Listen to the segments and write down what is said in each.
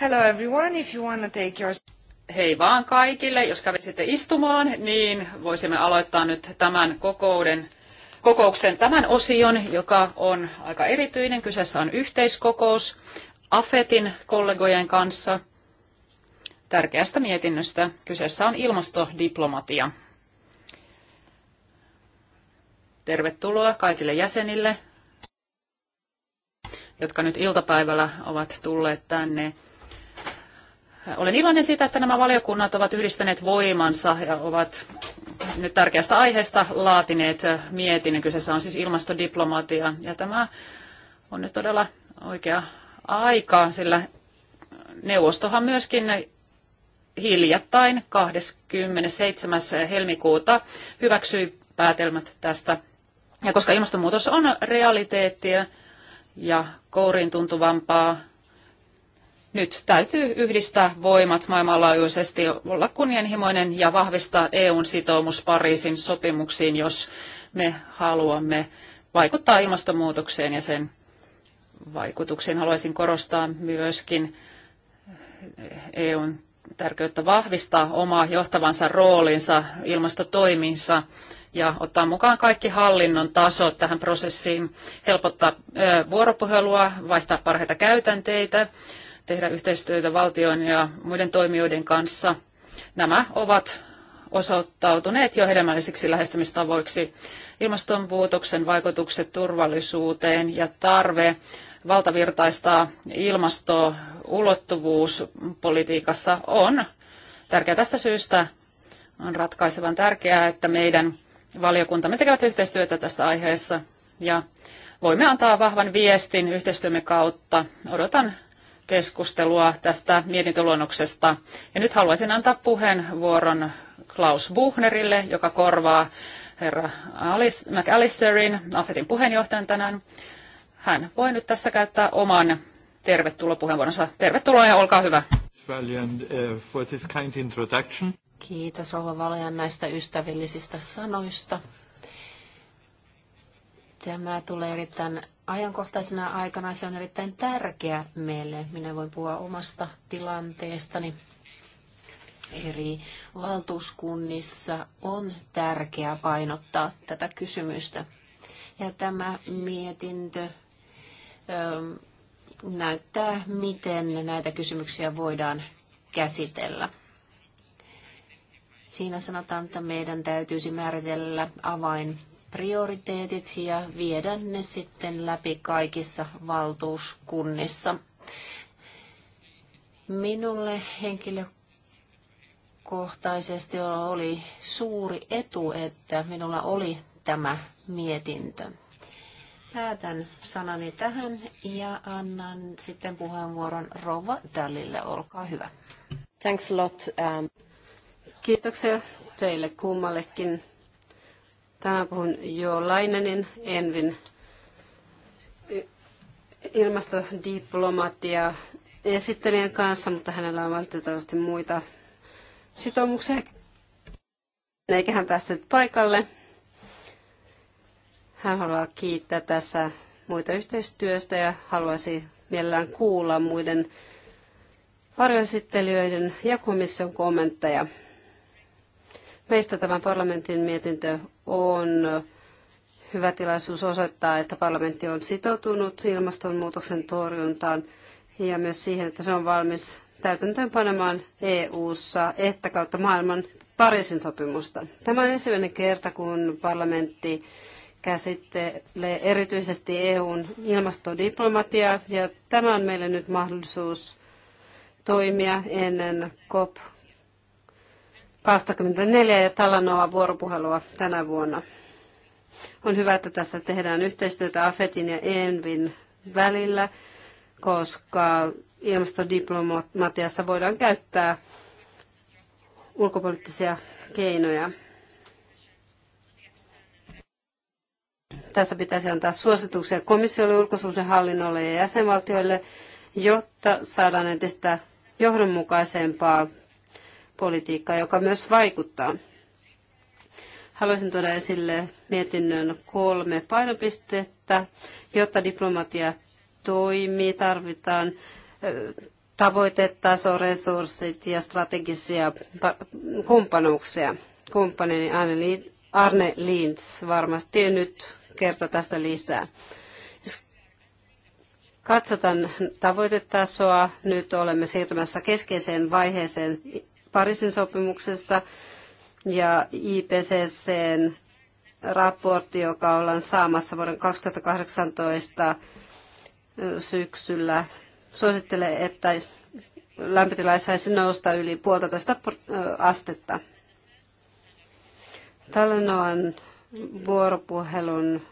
Hello everyone, if you want to take your... Hei vaan kaikille, jos kävisitte istumaan, niin voisimme aloittaa nyt tämän kokouden, kokouksen tämän osion, joka on aika erityinen. Kyseessä on yhteiskokous AFETin kollegojen kanssa tärkeästä mietinnöstä. Kyseessä on ilmastodiplomatia. Tervetuloa kaikille jäsenille jotka nyt iltapäivällä ovat tulleet tänne. Olen iloinen siitä, että nämä valiokunnat ovat yhdistäneet voimansa ja ovat nyt tärkeästä aiheesta laatineet mietinnön. Kyseessä on siis ilmastodiplomatia ja tämä on nyt todella oikea aika, sillä neuvostohan myöskin hiljattain 27. helmikuuta hyväksyi päätelmät tästä. Ja koska ilmastonmuutos on realiteettia, ja kouriin tuntuvampaa. Nyt täytyy yhdistää voimat maailmanlaajuisesti, olla kunnianhimoinen ja vahvistaa EUn sitoumus Pariisin sopimuksiin, jos me haluamme vaikuttaa ilmastonmuutokseen ja sen vaikutuksiin. Haluaisin korostaa myöskin EUn tärkeyttä vahvistaa omaa johtavansa roolinsa ilmastotoimissa ja ottaa mukaan kaikki hallinnon tasot tähän prosessiin, helpottaa vuoropuhelua, vaihtaa parhaita käytänteitä, tehdä yhteistyötä valtion ja muiden toimijoiden kanssa. Nämä ovat osoittautuneet jo hedelmällisiksi lähestymistavoiksi. Ilmastonmuutoksen vaikutukset turvallisuuteen ja tarve valtavirtaistaa ilmastoulottuvuus politiikassa on tärkeä tästä syystä. On ratkaisevan tärkeää, että meidän valiokuntamme tekevät yhteistyötä tässä aiheessa ja voimme antaa vahvan viestin yhteistyömme kautta. Odotan keskustelua tästä mietintöluonnoksesta. Ja nyt haluaisin antaa puheenvuoron Klaus Buchnerille, joka korvaa herra Alice, McAllisterin, AFETin puheenjohtajan tänään. Hän voi nyt tässä käyttää oman tervetulopuheenvuoronsa. Tervetuloa ja olkaa hyvä. Uh, Kiitos Rova Valean näistä ystävällisistä sanoista. Tämä tulee erittäin ajankohtaisena aikana. Se on erittäin tärkeä meille. Minä voin puhua omasta tilanteestani. Eri valtuuskunnissa on tärkeää painottaa tätä kysymystä. Ja tämä mietintö ähm, näyttää, miten näitä kysymyksiä voidaan käsitellä. Siinä sanotaan, että meidän täytyisi määritellä avainprioriteetit ja viedä ne sitten läpi kaikissa valtuuskunnissa. Minulle henkilökohtaisesti oli suuri etu, että minulla oli tämä mietintö. Päätän sanani tähän ja annan sitten puheenvuoron Rova Dallille. Olkaa hyvä. Thanks a lot. Um... Kiitoksia teille kummallekin. Tänään puhun Jo Lainenin Envin ilmastodiplomatia esittelijän kanssa, mutta hänellä on valitettavasti muita sitoumuksia. Eikä hän päässyt paikalle. Hän haluaa kiittää tässä muita yhteistyöstä ja haluaisi mielellään kuulla muiden varjoesittelijöiden ja komission kommentteja. Meistä tämän parlamentin mietintö on hyvä tilaisuus osoittaa, että parlamentti on sitoutunut ilmastonmuutoksen torjuntaan ja myös siihen, että se on valmis täytäntöönpanemaan EU-ssa että kautta maailman Pariisin sopimusta. Tämä on ensimmäinen kerta, kun parlamentti käsittelee erityisesti EUn ilmastodiplomatiaa ja tämä on meille nyt mahdollisuus toimia ennen COP 24 ja Talanoa vuoropuhelua tänä vuonna. On hyvä, että tässä tehdään yhteistyötä AFETin ja ENVin välillä, koska ilmastodiplomatiassa voidaan käyttää ulkopoliittisia keinoja. Tässä pitäisi antaa suosituksia komissiolle, ulkosuhdehallinnolle ja jäsenvaltioille, jotta saadaan entistä johdonmukaisempaa politiikkaa, joka myös vaikuttaa. Haluaisin tuoda esille mietinnön kolme painopistettä. Jotta diplomatia toimii, tarvitaan tavoitetaso, resurssit ja strategisia kumppanuuksia. Kumppanini Arne Lintz varmasti nyt kertoo tästä lisää. Jos katsotaan tavoitetasoa, nyt olemme siirtymässä keskeiseen vaiheeseen Pariisin sopimuksessa ja IPCCn raportti, joka ollaan saamassa vuoden 2018 syksyllä, suosittelee, että lämpötila saisi nousta yli puolitoista astetta. on vuoropuhelun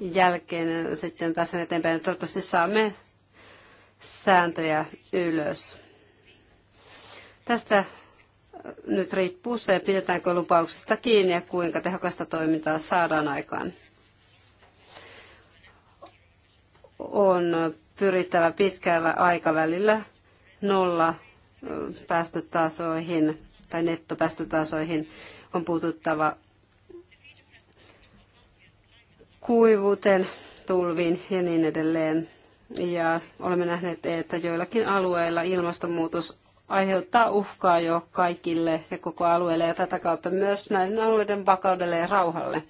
jälkeen sitten pääsen eteenpäin. Toivottavasti saamme sääntöjä ylös. Tästä äh, nyt riippuu se, pidetäänkö lupauksesta kiinni ja kuinka tehokasta toimintaa saadaan aikaan. On pyrittävä pitkällä aikavälillä nolla äh, päästötasoihin tai nettopäästötasoihin on puututtava kuivuuteen, tulviin ja niin edelleen. Ja olemme nähneet, että joillakin alueilla ilmastonmuutos aiheuttaa uhkaa jo kaikille ja koko alueelle ja tätä kautta myös näiden alueiden vakaudelle ja rauhalle.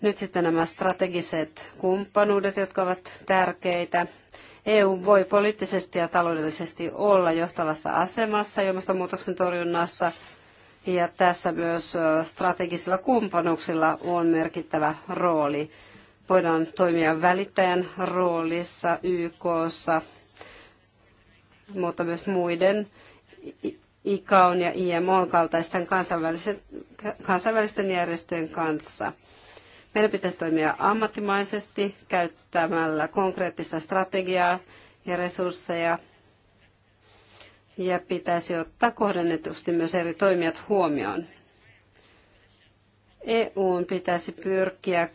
Nyt sitten nämä strategiset kumppanuudet, jotka ovat tärkeitä. EU voi poliittisesti ja taloudellisesti olla johtavassa asemassa ilmastonmuutoksen torjunnassa, ja tässä myös strategisilla kumppanuuksilla on merkittävä rooli. Voidaan toimia välittäjän roolissa YKssa mutta myös muiden ICAON ja IMOn kaltaisten kansainvälisten, kansainvälisten järjestöjen kanssa. Meidän pitäisi toimia ammattimaisesti käyttämällä konkreettista strategiaa ja resursseja ja pitäisi ottaa kohdennetusti myös eri toimijat huomioon. EUn pitäisi pyrkiä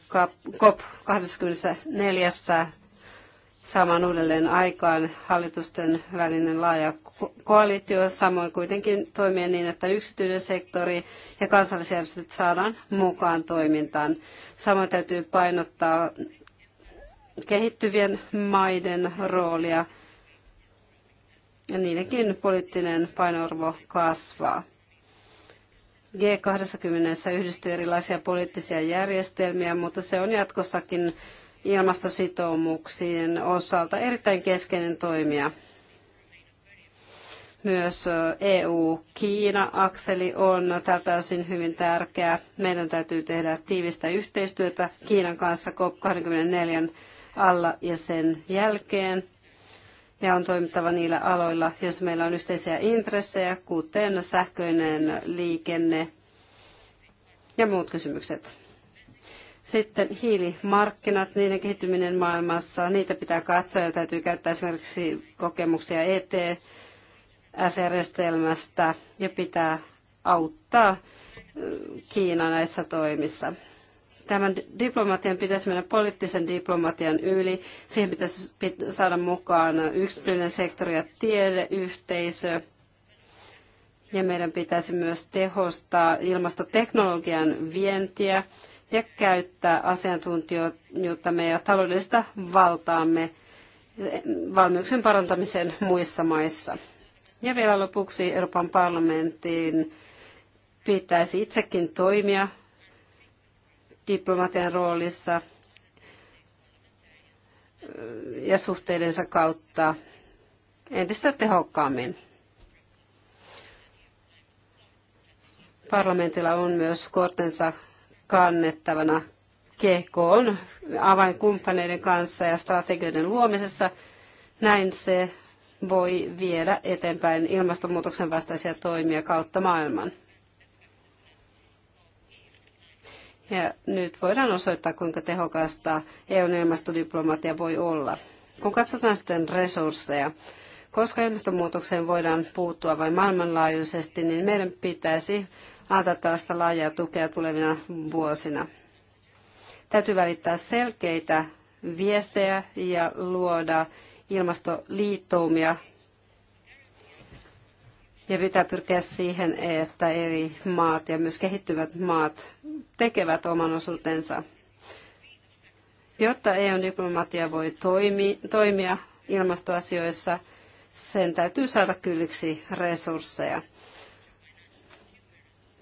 COP24 saamaan uudelleen aikaan hallitusten välinen laaja koalitio, samoin kuitenkin toimia niin, että yksityinen sektori ja kansallisjärjestöt saadaan mukaan toimintaan. Samoin täytyy painottaa kehittyvien maiden roolia ja niidenkin poliittinen painoarvo kasvaa. G20 yhdistyy erilaisia poliittisia järjestelmiä, mutta se on jatkossakin ilmastositoumuksien osalta erittäin keskeinen toimija. Myös EU-Kiina-akseli on tältä osin hyvin tärkeä. Meidän täytyy tehdä tiivistä yhteistyötä Kiinan kanssa COP24 alla ja sen jälkeen. Ja on toimittava niillä aloilla, jos meillä on yhteisiä intressejä, kuten sähköinen liikenne ja muut kysymykset. Sitten hiilimarkkinat, niiden kehittyminen maailmassa, niitä pitää katsoa ja täytyy käyttää esimerkiksi kokemuksia ETS-järjestelmästä ja pitää auttaa Kiina näissä toimissa. Tämän diplomatian pitäisi mennä poliittisen diplomatian yli. Siihen pitäisi saada mukaan yksityinen sektori ja tiedeyhteisö. Ja meidän pitäisi myös tehostaa ilmastoteknologian vientiä ja käyttää asiantuntijuuttamme ja taloudellista valtaamme valmiuksen parantamiseen muissa maissa. Ja vielä lopuksi Euroopan parlamentin pitäisi itsekin toimia diplomatian roolissa ja suhteidensa kautta entistä tehokkaammin. Parlamentilla on myös kortensa kannettavana on avainkumppaneiden kanssa ja strategioiden luomisessa. Näin se voi viedä eteenpäin ilmastonmuutoksen vastaisia toimia kautta maailman. Ja nyt voidaan osoittaa, kuinka tehokasta EUn ilmastodiplomatia voi olla. Kun katsotaan sitten resursseja, koska ilmastonmuutokseen voidaan puuttua vain maailmanlaajuisesti, niin meidän pitäisi antaa tällaista laajaa tukea tulevina vuosina. Täytyy välittää selkeitä viestejä ja luoda ilmastoliittoumia ja pitää pyrkiä siihen, että eri maat ja myös kehittyvät maat tekevät oman osuutensa. Jotta EU-diplomatia voi toimi, toimia ilmastoasioissa, sen täytyy saada kylliksi resursseja.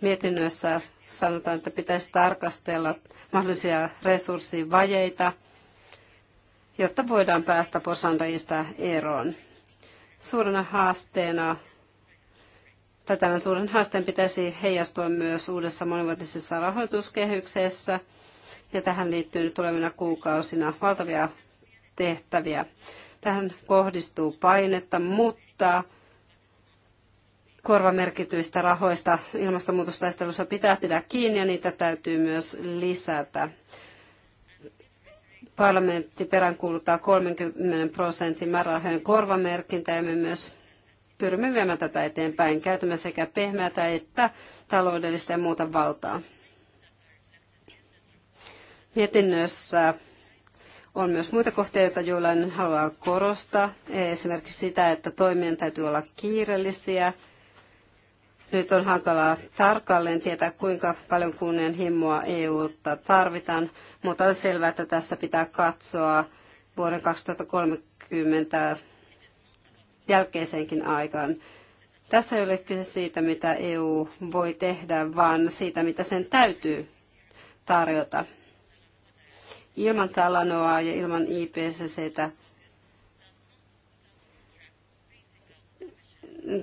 Mietinnössä sanotaan, että pitäisi tarkastella mahdollisia resurssivajeita, jotta voidaan päästä posandajista eroon. Suurena haasteena tai tämän suuren haasteen pitäisi heijastua myös uudessa monivuotisessa rahoituskehyksessä, ja tähän liittyy nyt tulevina kuukausina valtavia tehtäviä. Tähän kohdistuu painetta, mutta korvamerkityistä rahoista ilmastonmuutostaistelussa pitää pitää kiinni ja niitä täytyy myös lisätä. Parlamentti peräänkuuluttaa 30 prosentin määrärahojen korvamerkintä ja me myös pyrimme viemään tätä eteenpäin. Käytämme sekä pehmeätä että taloudellista ja muuta valtaa. Mietinnössä on myös muita kohtia, joita Juulainen haluaa korostaa. Esimerkiksi sitä, että toimien täytyy olla kiireellisiä nyt on hankalaa tarkalleen tietää, kuinka paljon himmoa EUlta tarvitaan, mutta on selvää, että tässä pitää katsoa vuoden 2030 jälkeiseenkin aikaan. Tässä ei ole kyse siitä, mitä EU voi tehdä, vaan siitä, mitä sen täytyy tarjota. Ilman Talanoa ja ilman IPCCtä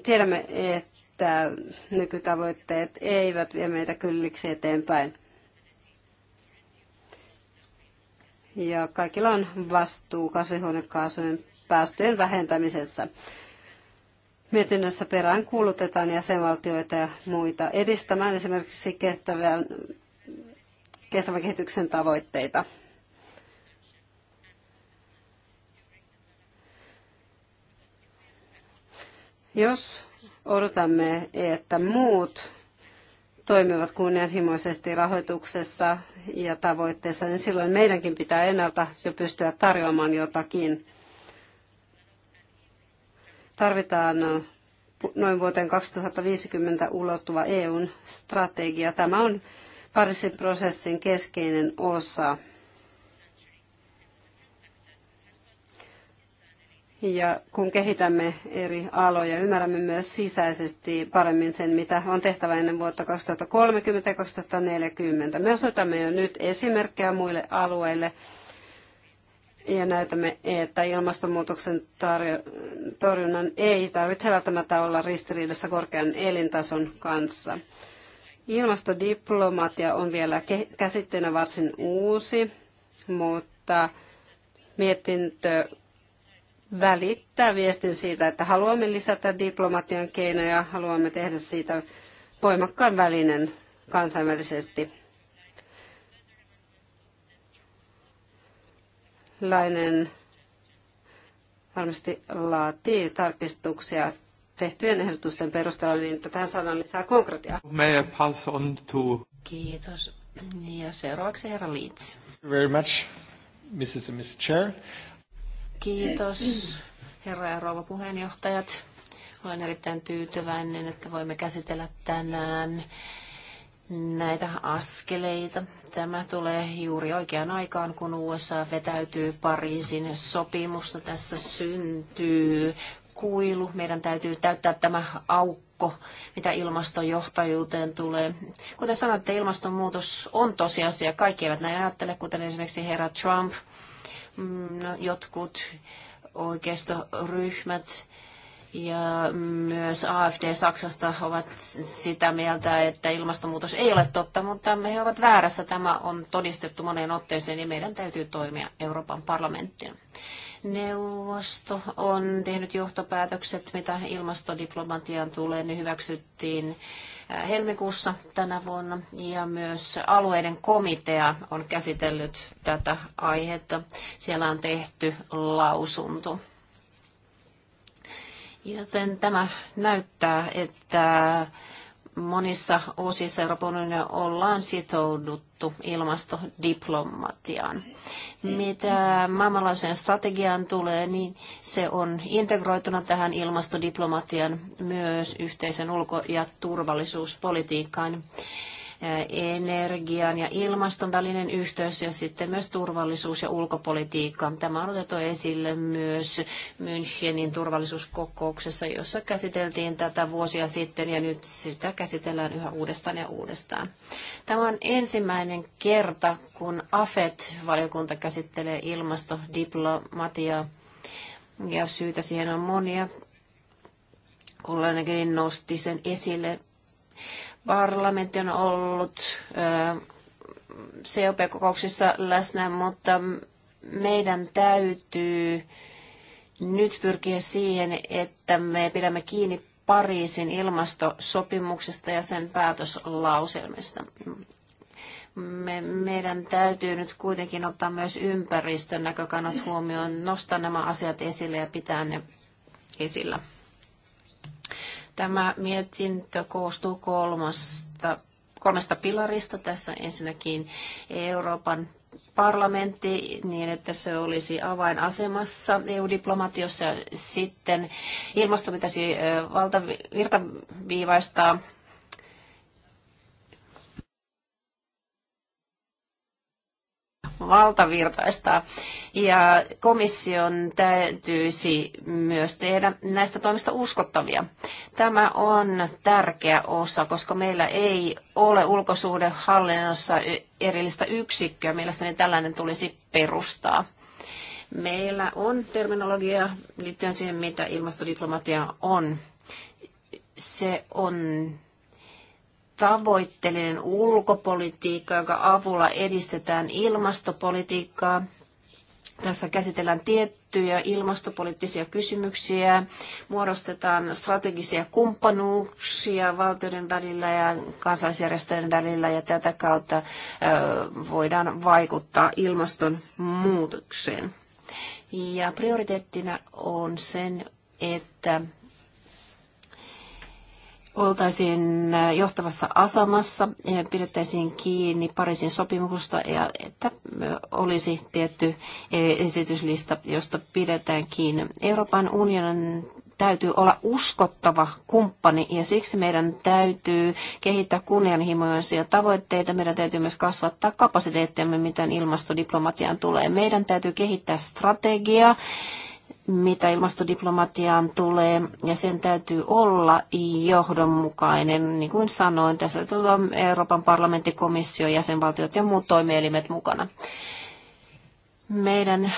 tiedämme, että että nykytavoitteet eivät vie meitä kylliksi eteenpäin. Ja kaikilla on vastuu kasvihuonekaasujen päästöjen vähentämisessä. Mietinnössä perään kuulutetaan jäsenvaltioita ja muita edistämään esimerkiksi kestävän, kestävän kehityksen tavoitteita. Jos odotamme, että muut toimivat kunnianhimoisesti rahoituksessa ja tavoitteessa, niin silloin meidänkin pitää ennalta jo pystyä tarjoamaan jotakin. Tarvitaan noin vuoteen 2050 ulottuva EUn strategia. Tämä on Pariisin prosessin keskeinen osa. Ja kun kehitämme eri aloja, ymmärrämme myös sisäisesti paremmin sen, mitä on tehtävä ennen vuotta 2030 ja 2040. Me osoitamme jo nyt esimerkkejä muille alueille ja näytämme, että ilmastonmuutoksen torjunnan ei tarvitse välttämättä olla ristiriidassa korkean elintason kanssa. Ilmastodiplomatia on vielä käsitteenä varsin uusi, mutta mietintö välittää viestin siitä, että haluamme lisätä diplomatian keinoja, haluamme tehdä siitä voimakkaan välinen kansainvälisesti. Lainen varmasti laatii tarkistuksia tehtyjen ehdotusten perusteella, niin että tähän saadaan lisää konkretiaa. Kiitos. Ja seuraavaksi herra Leeds. Very much, Mrs. and Mr. Chair. Kiitos, herra ja rouva puheenjohtajat. Olen erittäin tyytyväinen, että voimme käsitellä tänään näitä askeleita. Tämä tulee juuri oikeaan aikaan, kun USA vetäytyy Pariisin sopimusta. Tässä syntyy kuilu. Meidän täytyy täyttää tämä aukko, mitä ilmastojohtajuuteen tulee. Kuten sanoitte, ilmastonmuutos on tosiasia. Kaikki eivät näin ajattele, kuten esimerkiksi herra Trump Mm, no, jotkut oikeistoryhmät ja myös AFD Saksasta ovat sitä mieltä, että ilmastonmuutos ei ole totta, mutta he ovat väärässä. Tämä on todistettu moneen otteeseen ja meidän täytyy toimia Euroopan parlamenttina. Neuvosto on tehnyt johtopäätökset, mitä ilmastodiplomatiaan tulee. Ne hyväksyttiin Äh, helmikuussa tänä vuonna ja myös alueiden komitea on käsitellyt tätä aihetta. Siellä on tehty lausunto. Joten tämä näyttää, että monissa osissa Euroopan unionia ollaan sitouduttu ilmastodiplomatiaan. Mitä maailmanlaajuiseen strategiaan tulee, niin se on integroituna tähän ilmastodiplomatian myös yhteisen ulko- ja turvallisuuspolitiikkaan energian ja ilmaston välinen yhteys ja sitten myös turvallisuus ja ulkopolitiikka. Tämä on otettu esille myös Münchenin turvallisuuskokouksessa, jossa käsiteltiin tätä vuosia sitten ja nyt sitä käsitellään yhä uudestaan ja uudestaan. Tämä on ensimmäinen kerta, kun AFET-valiokunta käsittelee ilmastodiplomatiaa ja syytä siihen on monia. Kollegani nosti sen esille. Parlamentti on ollut COP-kokouksissa läsnä, mutta meidän täytyy nyt pyrkiä siihen, että me pidämme kiinni Pariisin ilmastosopimuksesta ja sen päätöslauselmista. Me, meidän täytyy nyt kuitenkin ottaa myös ympäristön näkökannat huomioon, nostaa nämä asiat esille ja pitää ne esillä. Tämä mietintö koostuu kolmasta, kolmesta pilarista. Tässä ensinnäkin Euroopan parlamentti niin, että se olisi avainasemassa EU-diplomatiossa. Sitten ilmasto pitäisi valtavirtaviivaistaa valtavirtaistaa. Ja komission täytyisi myös tehdä näistä toimista uskottavia. Tämä on tärkeä osa, koska meillä ei ole ulkosuhdehallinnossa erillistä yksikköä. Mielestäni tällainen tulisi perustaa. Meillä on terminologia liittyen siihen, mitä ilmastodiplomatia on. Se on tavoitteellinen ulkopolitiikka, jonka avulla edistetään ilmastopolitiikkaa. Tässä käsitellään tiettyjä ilmastopoliittisia kysymyksiä, muodostetaan strategisia kumppanuuksia valtioiden välillä ja kansalaisjärjestöjen välillä ja tätä kautta voidaan vaikuttaa ilmastonmuutokseen. Ja prioriteettina on sen, että oltaisiin johtavassa asemassa ja pidettäisiin kiinni Pariisin sopimuksesta ja että olisi tietty esityslista, josta pidetään kiinni. Euroopan unionin täytyy olla uskottava kumppani ja siksi meidän täytyy kehittää kunnianhimoisia tavoitteita. Meidän täytyy myös kasvattaa kapasiteettiamme, mitä ilmastodiplomatiaan tulee. Meidän täytyy kehittää strategiaa mitä ilmastodiplomatiaan tulee, ja sen täytyy olla johdonmukainen. Niin kuin sanoin, tässä täytyy Euroopan parlamentti, komissio, jäsenvaltiot ja muut toimielimet mukana. Meidän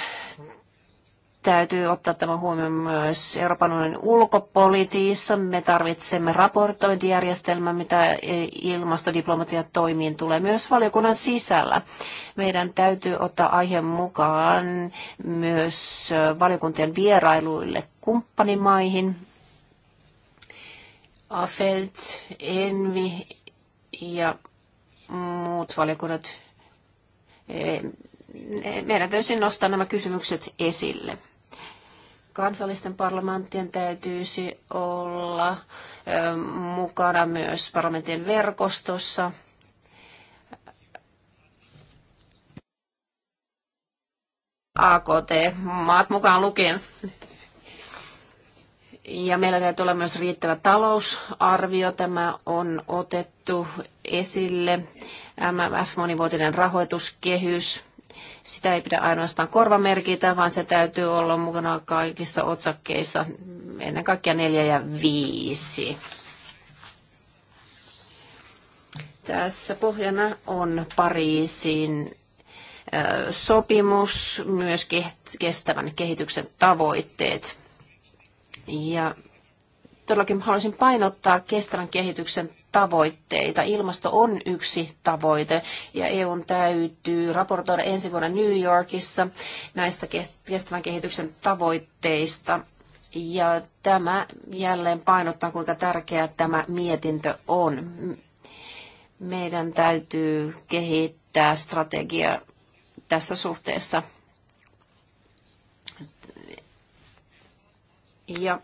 täytyy ottaa tämä huomioon myös Euroopan unionin ulkopolitiissa. Me tarvitsemme raportointijärjestelmän, mitä ilmastodiplomatia toimiin tulee myös valiokunnan sisällä. Meidän täytyy ottaa aiheen mukaan myös valiokuntien vierailuille kumppanimaihin. AFELT, ENVI ja muut valiokunnat. Eh, meidän täytyy nostaa nämä kysymykset esille kansallisten parlamenttien täytyisi olla mukana myös parlamentin verkostossa. AKT, maat mukaan lukien. Ja meillä täytyy olla myös riittävä talousarvio. Tämä on otettu esille. MMF, monivuotinen rahoituskehys. Sitä ei pidä ainoastaan korvamerkitä, vaan se täytyy olla mukana kaikissa otsakkeissa, ennen kaikkea neljä ja viisi. Tässä pohjana on Pariisin sopimus, myös kestävän kehityksen tavoitteet. Ja todellakin haluaisin painottaa kestävän kehityksen tavoitteita. Ilmasto on yksi tavoite ja EUn täytyy raportoida ensi vuonna New Yorkissa näistä kestävän kehityksen tavoitteista. Ja tämä jälleen painottaa, kuinka tärkeä tämä mietintö on. Meidän täytyy kehittää strategia tässä suhteessa. Ja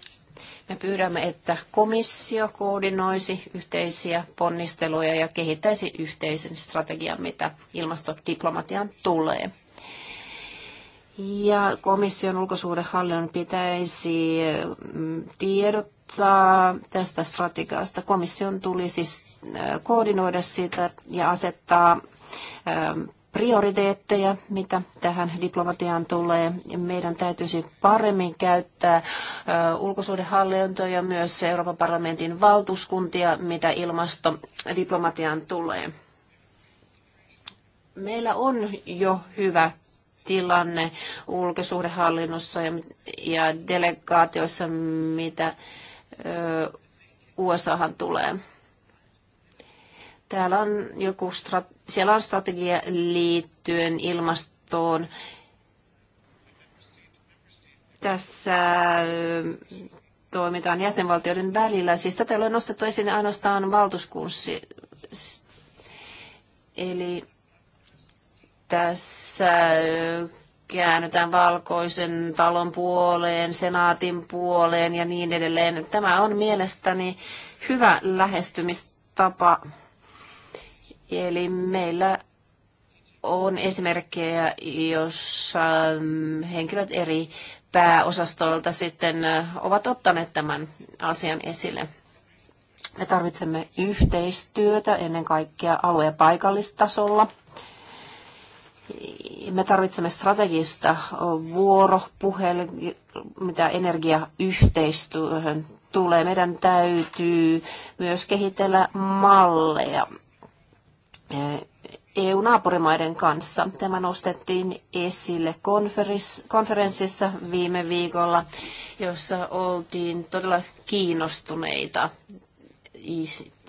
me pyydämme, että komissio koordinoisi yhteisiä ponnisteluja ja kehittäisi yhteisen strategian, mitä ilmastodiplomatian tulee. Ja komission ulkosuhdehallinnon pitäisi mm, tiedottaa tästä strategiasta. Komission tulisi äh, koordinoida sitä ja asettaa ähm, prioriteetteja, mitä tähän diplomatiaan tulee. Meidän täytyisi paremmin käyttää ulkosuhdehallintoa ja myös Euroopan parlamentin valtuuskuntia, mitä ilmastodiplomatiaan tulee. Meillä on jo hyvä tilanne ulkosuhdehallinnossa ja, ja delegaatioissa, mitä ö, USAhan tulee. Täällä on joku strat, siellä on strategia liittyen ilmastoon. Tässä toimitaan jäsenvaltioiden välillä. Siis tätä ei ole nostettu esiin ainoastaan valtuuskurssi. Eli tässä käännytään valkoisen talon puoleen, senaatin puoleen ja niin edelleen. Tämä on mielestäni hyvä lähestymistapa. Eli meillä on esimerkkejä, jossa henkilöt eri pääosastoilta sitten ovat ottaneet tämän asian esille. Me tarvitsemme yhteistyötä ennen kaikkea alue- ja paikallistasolla. Me tarvitsemme strategista vuoropuhelua, mitä energiayhteistyöhön tulee. Meidän täytyy myös kehitellä malleja Eh, EU-naapurimaiden kanssa. Tämä nostettiin esille konferenssissa viime viikolla, jossa oltiin todella kiinnostuneita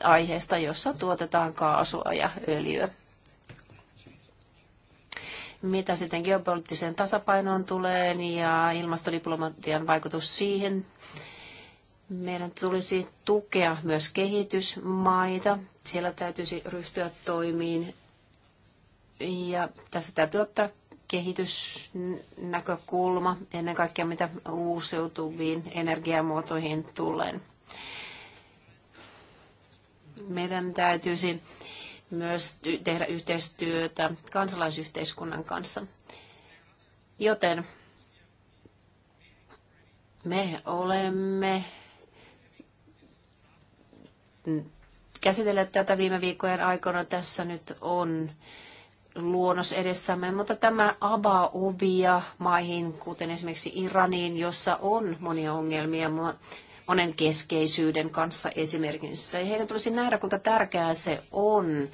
aiheesta, jossa tuotetaan kaasua ja öljyä. Mitä sitten geopoliittiseen tasapainoon tulee niin ja ilmastodiplomatian vaikutus siihen, meidän tulisi tukea myös kehitysmaita. Siellä täytyisi ryhtyä toimiin. Ja tässä täytyy ottaa kehitysnäkökulma ennen kaikkea mitä uusiutuviin energiamuotoihin tulee. Meidän täytyisi myös tehdä yhteistyötä kansalaisyhteiskunnan kanssa. Joten me olemme käsitellä tätä viime viikkojen aikana. Tässä nyt on luonnos edessämme, mutta tämä avaa ovia maihin, kuten esimerkiksi Iraniin, jossa on monia ongelmia monen keskeisyyden kanssa esimerkiksi. Heidän tulisi nähdä, kuinka tärkeää se on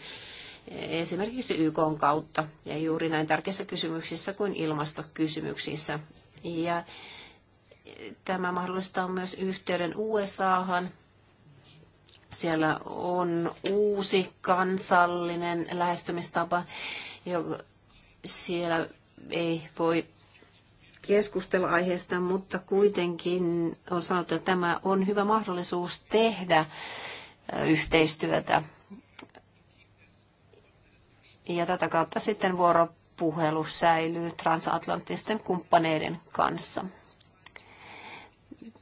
esimerkiksi YK kautta ja juuri näin tärkeissä kysymyksissä kuin ilmastokysymyksissä. Ja tämä mahdollistaa myös yhteyden USAhan, siellä on uusi kansallinen lähestymistapa, joka siellä ei voi keskustella aiheesta, mutta kuitenkin on sanottu, että tämä on hyvä mahdollisuus tehdä yhteistyötä. Ja tätä kautta sitten vuoropuhelu säilyy transatlanttisten kumppaneiden kanssa.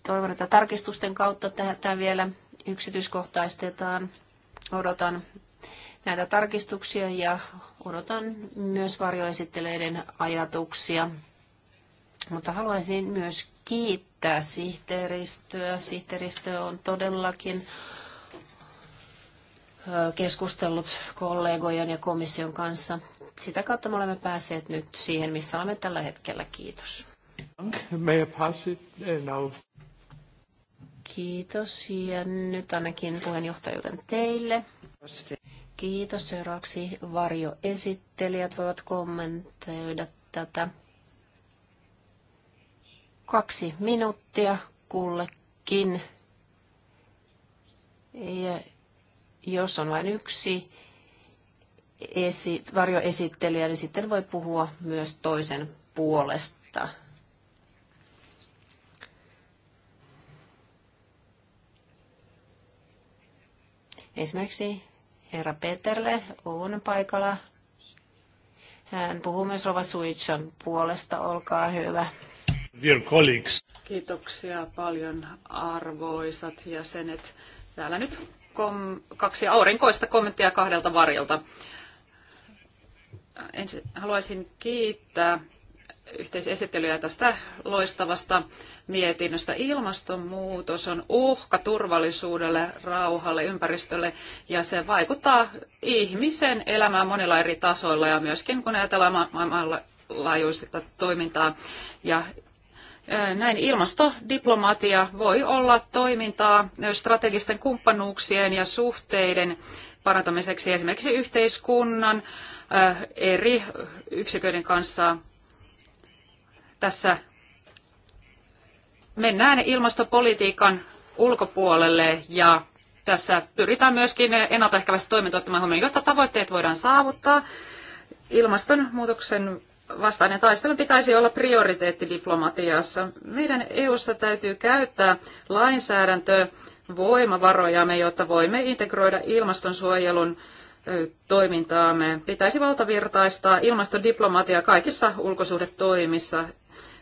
Toivon, että tarkistusten kautta tähän vielä yksityiskohtaistetaan. Odotan näitä tarkistuksia ja odotan myös varjoesitteleiden ajatuksia. Mutta haluaisin myös kiittää sihteeristöä. Sihteeristö on todellakin keskustellut kollegojen ja komission kanssa. Sitä kautta me olemme päässeet nyt siihen, missä olemme tällä hetkellä. Kiitos. Kiitos ja nyt ainakin puheenjohtajuuden teille. Kiitos. Seuraavaksi varjoesittelijät voivat kommentoida tätä. Kaksi minuuttia kullekin. Ja jos on vain yksi esi- varjoesittelijä, niin sitten voi puhua myös toisen puolesta. Esimerkiksi herra Peterle on paikalla. Hän puhuu myös Rova Suitsan puolesta. Olkaa hyvä. Dear colleagues. Kiitoksia paljon arvoisat jäsenet. Täällä nyt kom- kaksi aurinkoista kommenttia kahdelta varjolta. Ensin haluaisin kiittää yhteisesittelyjä tästä loistavasta mietinnöstä. Ilmastonmuutos on uhka turvallisuudelle, rauhalle, ympäristölle ja se vaikuttaa ihmisen elämään monilla eri tasoilla ja myöskin kun ajatellaan maailmanlaajuista toimintaa. Ja näin ilmastodiplomatia voi olla toimintaa strategisten kumppanuuksien ja suhteiden parantamiseksi esimerkiksi yhteiskunnan eri yksiköiden kanssa tässä mennään ilmastopolitiikan ulkopuolelle ja tässä pyritään myöskin ennaltaehkäisesti toimintoittamaan huomioon, jotta tavoitteet voidaan saavuttaa. Ilmastonmuutoksen vastainen taistelu pitäisi olla prioriteetti diplomatiassa. Meidän EU:ssa täytyy käyttää lainsäädäntö voimavarojamme, jotta voimme integroida ilmastonsuojelun toimintaamme. Pitäisi valtavirtaistaa ilmastodiplomatia kaikissa ulkosuhdetoimissa.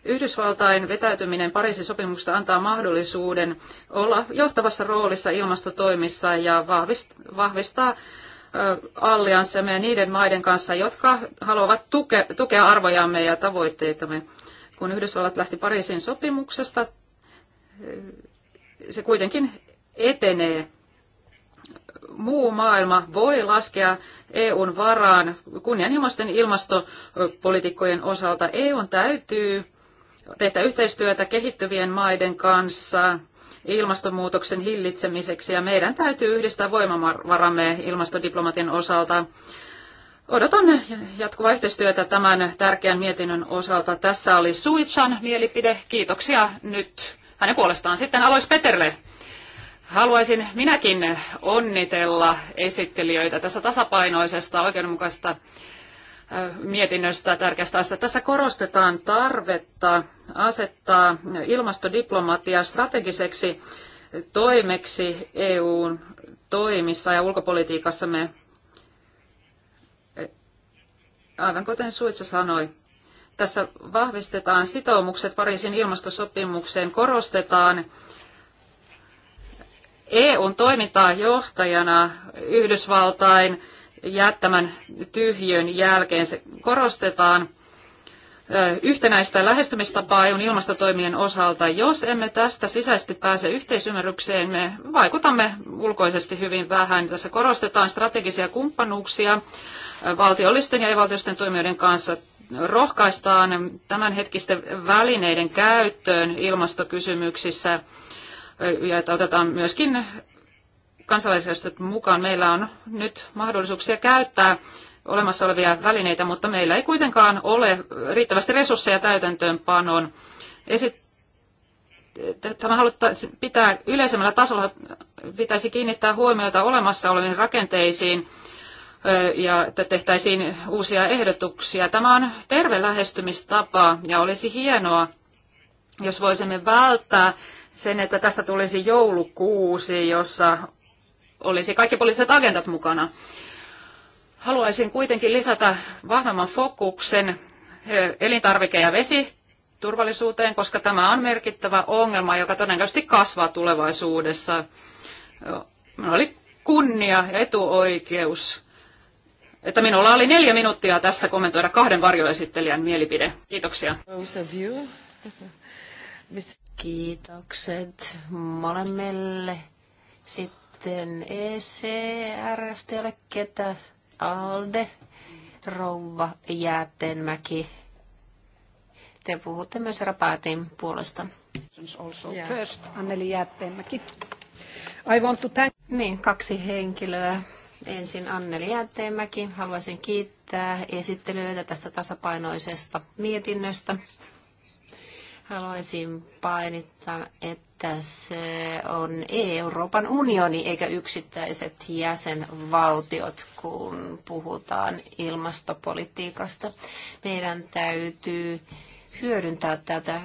Yhdysvaltain vetäytyminen Pariisin sopimuksesta antaa mahdollisuuden olla johtavassa roolissa ilmastotoimissa ja vahvistaa alliansseja niiden maiden kanssa, jotka haluavat tukea arvojamme ja tavoitteitamme. Kun Yhdysvallat lähti Pariisin sopimuksesta, se kuitenkin etenee muu maailma voi laskea EUn varaan kunnianhimoisten ilmastopolitiikkojen osalta. EUn täytyy tehdä yhteistyötä kehittyvien maiden kanssa ilmastonmuutoksen hillitsemiseksi ja meidän täytyy yhdistää voimavaramme ilmastodiplomatian osalta. Odotan jatkuvaa yhteistyötä tämän tärkeän mietinnön osalta. Tässä oli Suitsan mielipide. Kiitoksia nyt hänen puolestaan. Sitten Alois Peterle. Haluaisin minäkin onnitella esittelijöitä tässä tasapainoisesta, oikeudenmukaisesta mietinnöstä tärkeästä asiasta. Tässä korostetaan tarvetta asettaa ilmastodiplomatia strategiseksi toimeksi EUn toimissa ja ulkopolitiikassamme. Aivan kuten Suitsa sanoi, tässä vahvistetaan sitoumukset Pariisin ilmastosopimukseen, korostetaan EUn toimintaa johtajana Yhdysvaltain jättämän tyhjön jälkeen se korostetaan yhtenäistä lähestymistapaa EUn ilmastotoimien osalta. Jos emme tästä sisäisesti pääse yhteisymmärrykseen, me vaikutamme ulkoisesti hyvin vähän. Tässä korostetaan strategisia kumppanuuksia valtiollisten ja ei-valtiollisten toimijoiden kanssa. Rohkaistaan tämänhetkisten välineiden käyttöön ilmastokysymyksissä ja että otetaan myöskin kansalaisjärjestöt mukaan. Meillä on nyt mahdollisuuksia käyttää olemassa olevia välineitä, mutta meillä ei kuitenkaan ole riittävästi resursseja täytäntöönpanoon. Tämä pitää yleisemmällä tasolla, pitäisi kiinnittää huomiota olemassa oleviin rakenteisiin ja että tehtäisiin uusia ehdotuksia. Tämä on terve lähestymistapa ja olisi hienoa, jos voisimme välttää sen, että tästä tulisi joulukuusi, jossa olisi kaikki poliittiset agendat mukana. Haluaisin kuitenkin lisätä vahvemman fokuksen eh, elintarvike- ja vesiturvallisuuteen, koska tämä on merkittävä ongelma, joka todennäköisesti kasvaa tulevaisuudessa. Minulla oli kunnia ja etuoikeus, että minulla oli neljä minuuttia tässä kommentoida kahden varjoesittelijän mielipide. Kiitoksia. Kiitokset molemmille. Sitten ECRstä ei ole ketä. Alde, Rouva, Jäätteenmäki. Te puhutte myös Rapaatin puolesta. First, Anneli Jäätteenmäki. I want to thank... Niin, kaksi henkilöä. Ensin Anneli Jäätteenmäki. Haluaisin kiittää esittelyitä tästä tasapainoisesta mietinnöstä. Haluaisin painittaa, että se on Euroopan unioni eikä yksittäiset jäsenvaltiot, kun puhutaan ilmastopolitiikasta. Meidän täytyy hyödyntää tätä,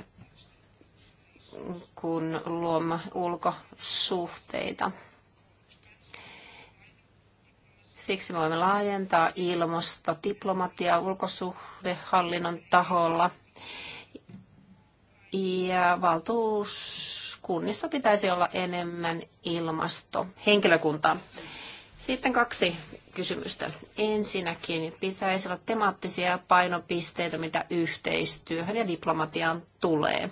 kun luomme ulkosuhteita. Siksi voimme laajentaa ilmastodiplomatiaa ulkosuhdehallinnon taholla – ja valtuuskunnissa pitäisi olla enemmän ilmastohenkilökuntaa. Sitten kaksi kysymystä. Ensinnäkin pitäisi olla temaattisia painopisteitä, mitä yhteistyöhön ja diplomatiaan tulee.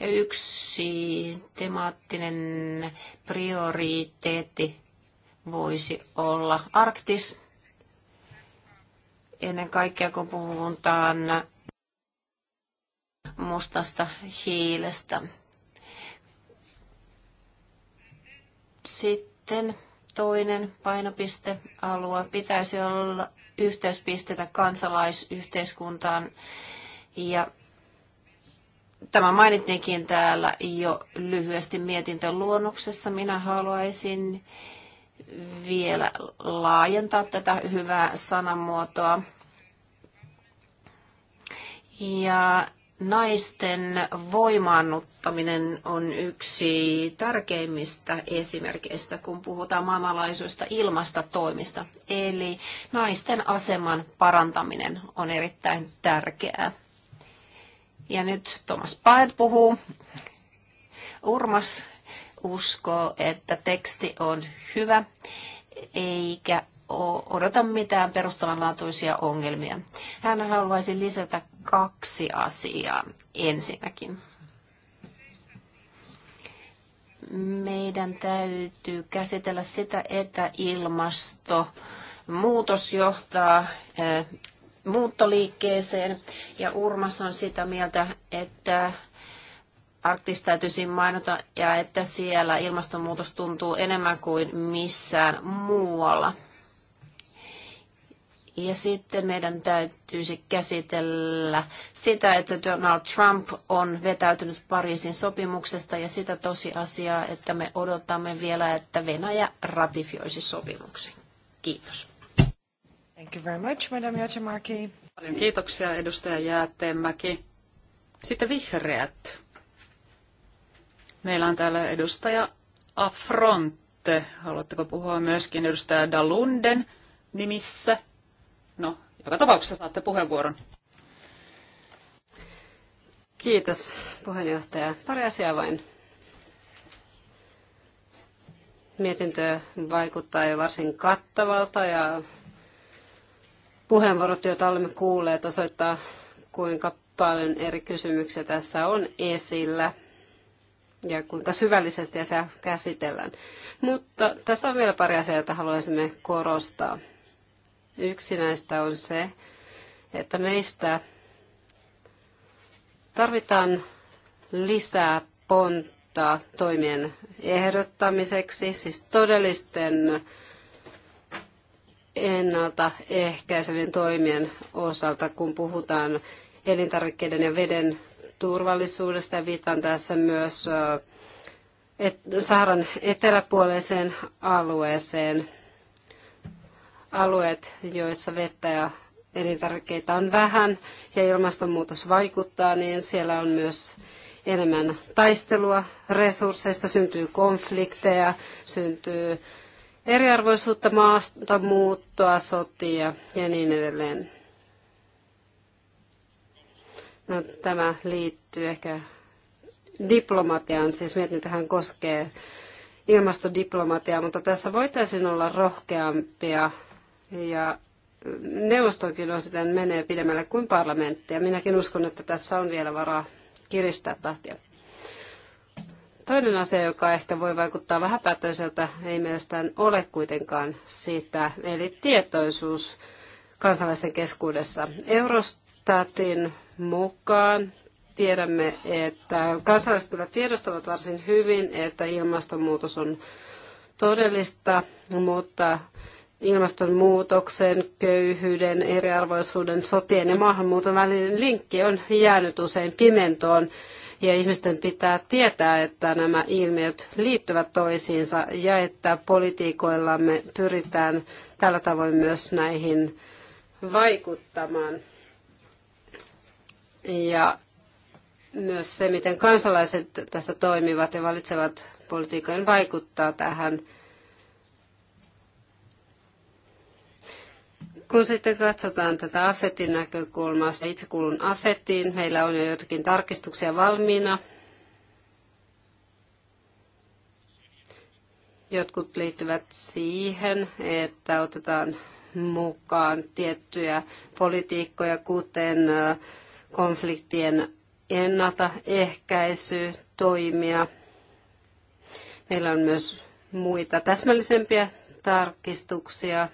Ja yksi temaattinen prioriteetti voisi olla Arktis. Ennen kaikkea kun puhutaan mustasta hiilestä. Sitten toinen painopistealue pitäisi olla yhteyspisteitä kansalaisyhteiskuntaan ja tämä mainittiinkin täällä jo lyhyesti mietintöluonnoksessa. Minä haluaisin vielä laajentaa tätä hyvää sanamuotoa. Ja Naisten voimaannuttaminen on yksi tärkeimmistä esimerkkeistä, kun puhutaan maailmanlaajuisista ilmastotoimista. Eli naisten aseman parantaminen on erittäin tärkeää. Ja nyt Thomas Paet puhuu. Urmas uskoo, että teksti on hyvä, eikä odota mitään perustavanlaatuisia ongelmia. Hän haluaisi lisätä kaksi asiaa ensinnäkin. Meidän täytyy käsitellä sitä, että ilmasto muutos johtaa muuttoliikkeeseen ja Urmas on sitä mieltä, että Arktis täytyisi mainita ja että siellä ilmastonmuutos tuntuu enemmän kuin missään muualla. Ja sitten meidän täytyisi käsitellä sitä, että Donald Trump on vetäytynyt Pariisin sopimuksesta ja sitä tosiasiaa, että me odotamme vielä, että Venäjä ratifioisi sopimuksen. Kiitos. Thank you very much, Madam Jäätemäki. Paljon kiitoksia, edustaja Jäätemäki. Sitten vihreät. Meillä on täällä edustaja Afronte. Haluatteko puhua myöskin edustaja Dalunden nimissä? No, joka tapauksessa saatte puheenvuoron. Kiitos puheenjohtaja. Pari asiaa vain. Mietintö vaikuttaa jo varsin kattavalta ja puheenvuorot, joita olemme kuulleet, osoittaa kuinka paljon eri kysymyksiä tässä on esillä ja kuinka syvällisesti asia käsitellään. Mutta tässä on vielä pari asiaa, joita haluaisimme korostaa. Yksi näistä on se, että meistä tarvitaan lisää pontta toimien ehdottamiseksi, siis todellisten ennaltaehkäisevien toimien osalta, kun puhutaan elintarvikkeiden ja veden turvallisuudesta. Ja tässä myös Saharan eteläpuoleiseen alueeseen alueet, joissa vettä ja elintarvikkeita on vähän ja ilmastonmuutos vaikuttaa, niin siellä on myös enemmän taistelua resursseista, syntyy konflikteja, syntyy eriarvoisuutta, maastamuuttoa, sotia ja niin edelleen. No, tämä liittyy ehkä diplomatiaan, siis mietintähän koskee ilmastodiplomatiaa, mutta tässä voitaisiin olla rohkeampia ja neuvostokin osittain menee pidemmälle kuin parlamentti. Ja minäkin uskon, että tässä on vielä varaa kiristää tahtia. Toinen asia, joka ehkä voi vaikuttaa vähäpätöiseltä, ei mielestään ole kuitenkaan sitä, eli tietoisuus kansalaisten keskuudessa. Eurostatin mukaan tiedämme, että kansalaiset kyllä tiedostavat varsin hyvin, että ilmastonmuutos on todellista, mutta ilmastonmuutoksen, köyhyyden, eriarvoisuuden, sotien ja maahanmuuton välinen linkki on jäänyt usein pimentoon ja ihmisten pitää tietää, että nämä ilmiöt liittyvät toisiinsa ja että politiikoillamme pyritään tällä tavoin myös näihin vaikuttamaan. Ja myös se, miten kansalaiset tässä toimivat ja valitsevat politiikoin, vaikuttaa tähän Kun sitten katsotaan tätä AFETin näkökulmasta, itse kuulun AFETiin, meillä on jo jotakin tarkistuksia valmiina. Jotkut liittyvät siihen, että otetaan mukaan tiettyjä politiikkoja, kuten konfliktien ehkäisy, toimia. Meillä on myös muita täsmällisempiä tarkistuksia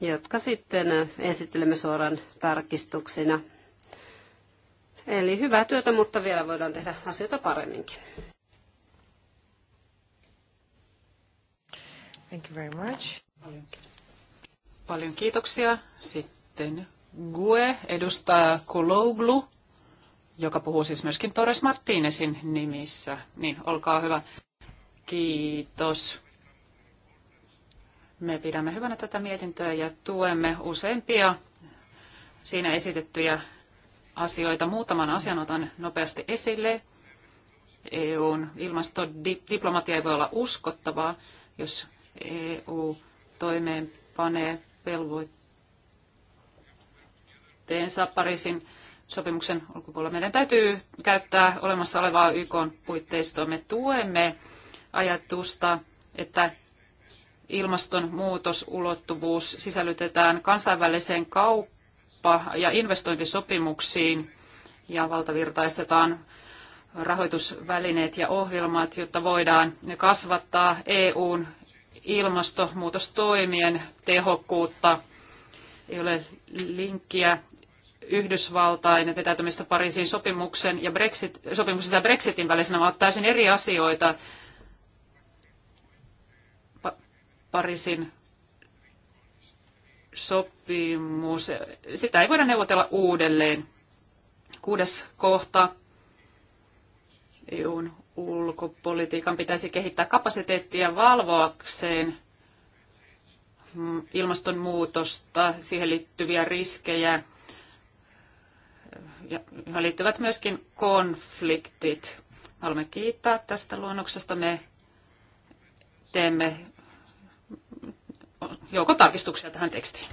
jotka sitten esittelemme suoraan tarkistuksina. Eli hyvää työtä, mutta vielä voidaan tehdä asioita paremminkin. Thank you very much. Paljon kiitoksia. Sitten Gue edustaa Kulouglu, joka puhuu siis myöskin Torres Martinesin nimissä. Niin, olkaa hyvä. Kiitos. Me pidämme hyvänä tätä mietintöä ja tuemme useimpia siinä esitettyjä asioita. Muutaman asian otan nopeasti esille. EUn ilmastodiplomatia ei voi olla uskottavaa, jos EU toimeenpanee velvoitteensa Pariisin sopimuksen ulkopuolella. Meidän täytyy käyttää olemassa olevaa YK puitteistoa. Me tuemme ajatusta, että ilmastonmuutosulottuvuus sisällytetään kansainväliseen kauppa- ja investointisopimuksiin ja valtavirtaistetaan rahoitusvälineet ja ohjelmat, jotta voidaan kasvattaa EUn ilmastonmuutostoimien tehokkuutta. Ei ole linkkiä Yhdysvaltain vetäytymistä Pariisin sopimuksen ja Brexit, sopimuksen ja Brexitin välisenä, vaan täysin eri asioita. Pariisin sopimus, sitä ei voida neuvotella uudelleen. Kuudes kohta. EUn ulkopolitiikan pitäisi kehittää kapasiteettia valvoakseen ilmastonmuutosta, siihen liittyviä riskejä, ja liittyvät myöskin konfliktit. Haluamme kiittää tästä luonnoksesta. Me teemme joko tarkistuksia tähän tekstiin.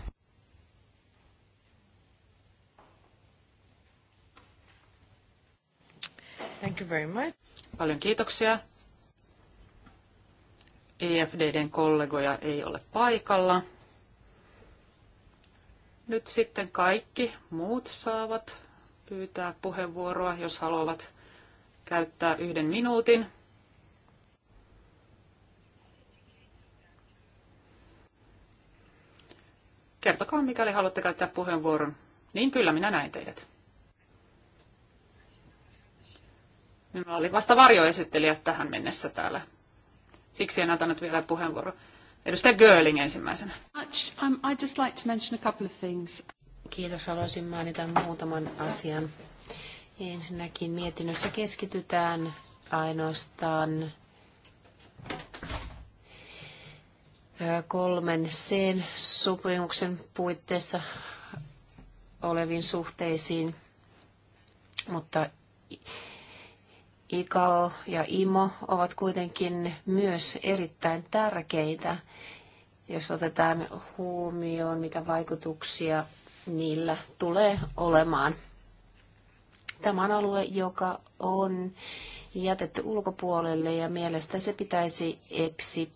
Thank you very much. Paljon kiitoksia. EFDDn kollegoja ei ole paikalla. Nyt sitten kaikki muut saavat pyytää puheenvuoroa, jos haluavat käyttää yhden minuutin. Kertokaa, mikäli haluatte käyttää puheenvuoron. Niin kyllä, minä näin teidät. Minä oli vasta varjoesittelijä tähän mennessä täällä. Siksi en antanut vielä puheenvuoro. Edustaja Görling ensimmäisenä. Um, just like to mention a couple of things. Kiitos. Haluaisin mainita muutaman asian. Ensinnäkin mietinnössä keskitytään ainoastaan kolmen C-sopimuksen puitteissa oleviin suhteisiin, mutta ICAO ja IMO ovat kuitenkin myös erittäin tärkeitä, jos otetaan huomioon, mitä vaikutuksia niillä tulee olemaan. Tämä on alue, joka on jätetty ulkopuolelle ja mielestäni se pitäisi exit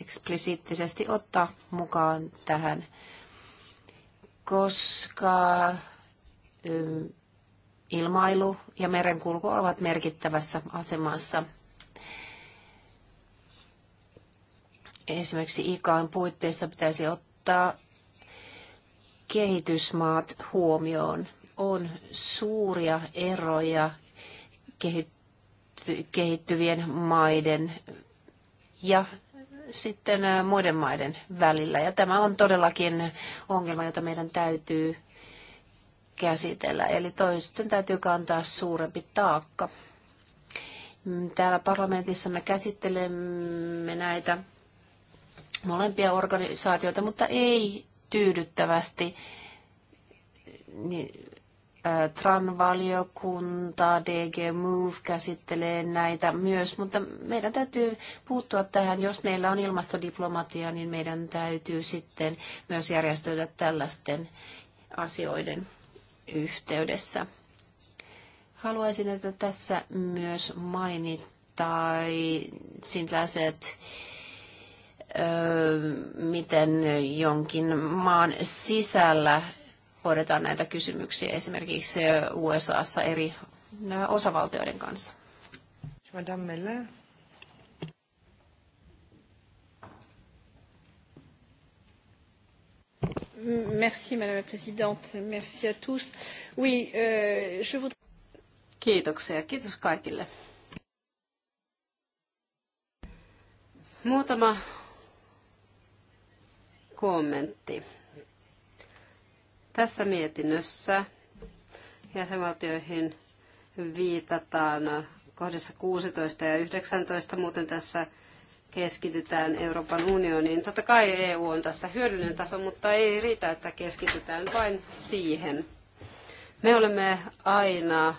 eksplisiittisesti ottaa mukaan tähän, koska ilmailu ja merenkulku ovat merkittävässä asemassa. Esimerkiksi IKAan puitteissa pitäisi ottaa kehitysmaat huomioon. On suuria eroja kehittyvien maiden ja sitten muiden maiden välillä. Ja tämä on todellakin ongelma, jota meidän täytyy käsitellä. Eli toisten täytyy kantaa suurempi taakka. Täällä parlamentissa me käsittelemme näitä molempia organisaatioita, mutta ei tyydyttävästi. Niin TRAN-valiokunta, DG Move käsittelee näitä myös, mutta meidän täytyy puuttua tähän. Jos meillä on ilmastodiplomatia, niin meidän täytyy sitten myös järjestöidä tällaisten asioiden yhteydessä. Haluaisin, että tässä myös mainittaisin tällaiset miten jonkin maan sisällä hoidetaan näitä kysymyksiä esimerkiksi USAssa eri osavaltioiden kanssa. Madame Meller. Merci, Madame la Présidente. Merci à tous. Oui, euh, je voudrais... Kiitoksia. Kiitos kaikille. Muutama kommentti. Tässä mietinnössä jäsenvaltioihin viitataan kohdassa 16 ja 19, muuten tässä keskitytään Euroopan unioniin. Totta kai EU on tässä hyödyllinen taso, mutta ei riitä, että keskitytään vain siihen. Me olemme aina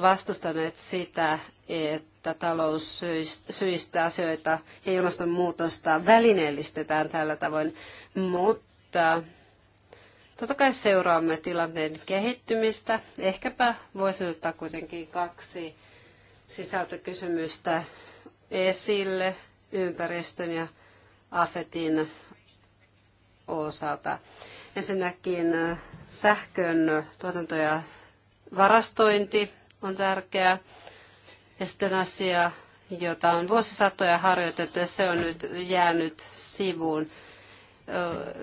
vastustaneet sitä, että taloussyistä asioita ja ilmastonmuutosta välineellistetään tällä tavoin, mutta Totta kai seuraamme tilanteen kehittymistä. Ehkäpä voisi ottaa kuitenkin kaksi sisältökysymystä esille ympäristön ja AFETin osalta. Ensinnäkin äh, sähkön tuotanto ja varastointi on tärkeää. Ja sitten asia, jota on vuosisatoja harjoitettu ja se on nyt jäänyt sivuun.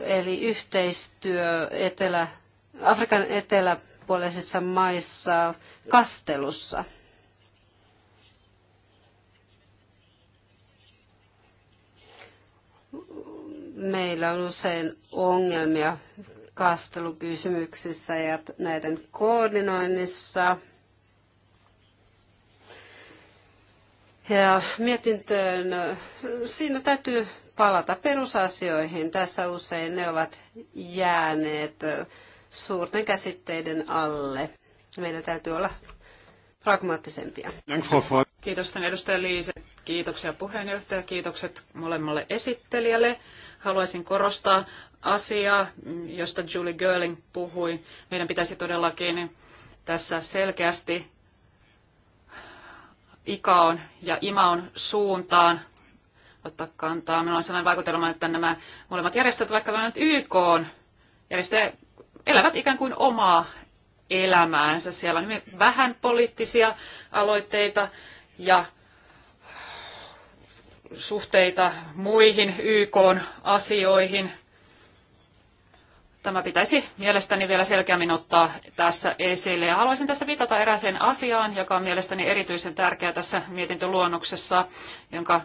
Eli yhteistyö etelä, Afrikan eteläpuoleisissa maissa kastelussa. Meillä on usein ongelmia kastelukysymyksissä ja näiden koordinoinnissa. Ja mietintöön, siinä täytyy palata perusasioihin. Tässä usein ne ovat jääneet suurten käsitteiden alle. Meidän täytyy olla pragmaattisempia. Kiitos tämän edustaja Liise. Kiitoksia puheenjohtaja. Kiitokset molemmalle esittelijälle. Haluaisin korostaa asiaa, josta Julie Görling puhui. Meidän pitäisi todellakin tässä selkeästi ikaon ja imaon suuntaan ottaa kantaa. Minulla on sellainen vaikutelma, että nämä molemmat järjestöt, vaikka ne nyt YK on, järjestö, elävät ikään kuin omaa elämäänsä. Siellä on hyvin vähän poliittisia aloitteita ja suhteita muihin YK asioihin. Tämä pitäisi mielestäni vielä selkeämmin ottaa tässä esille. Ja haluaisin tässä viitata erääseen asiaan, joka on mielestäni erityisen tärkeä tässä mietintöluonnoksessa, jonka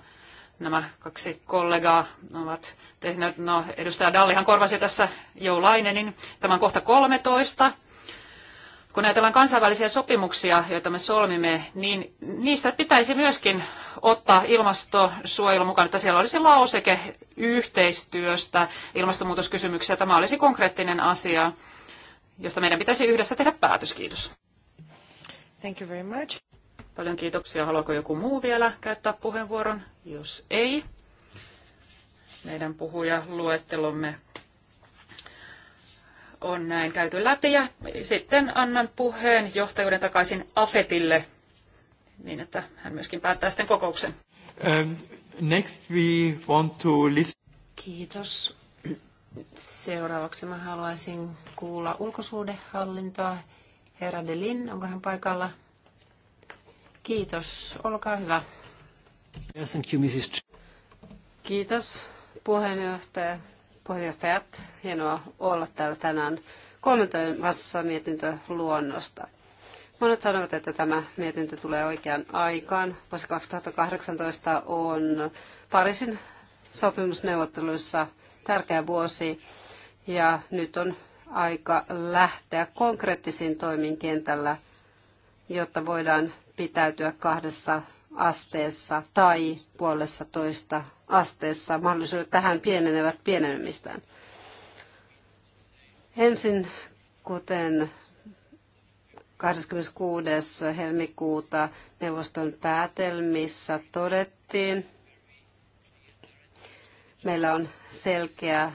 nämä kaksi kollegaa ovat tehneet. No, edustaja Dallihan korvasi tässä niin Tämä on kohta 13. Kun ajatellaan kansainvälisiä sopimuksia, joita me solmimme, niin niissä pitäisi myöskin ottaa ilmastosuojelu mukaan, että siellä olisi lauseke yhteistyöstä ilmastonmuutoskysymyksiä. Tämä olisi konkreettinen asia, josta meidän pitäisi yhdessä tehdä päätös. Kiitos. Thank you very much. Paljon kiitoksia. Haluaako joku muu vielä käyttää puheenvuoron? Jos ei, meidän puhujaluettelomme on näin käyty läpi. Ja sitten annan puheen johtajuuden takaisin Afetille, niin että hän myöskin päättää sitten kokouksen. Um, next we want to Kiitos. Seuraavaksi mä haluaisin kuulla ulkosuudehallintoa. Herra Delin, onko hän paikalla? Kiitos. Olkaa hyvä. Kiitos puheenjohtaja. Puheenjohtajat, hienoa olla täällä tänään kommentoimassa mietintöluonnosta. Monet sanovat, että tämä mietintö tulee oikeaan aikaan. Vuosi 2018 on Pariisin sopimusneuvotteluissa tärkeä vuosi ja nyt on aika lähteä konkreettisiin toimiin kentällä, jotta voidaan pitäytyä kahdessa asteessa tai puolessa toista asteessa. Mahdollisuudet tähän pienenevät pienenemistään. Ensin, kuten 26. helmikuuta neuvoston päätelmissä todettiin, meillä on selkeä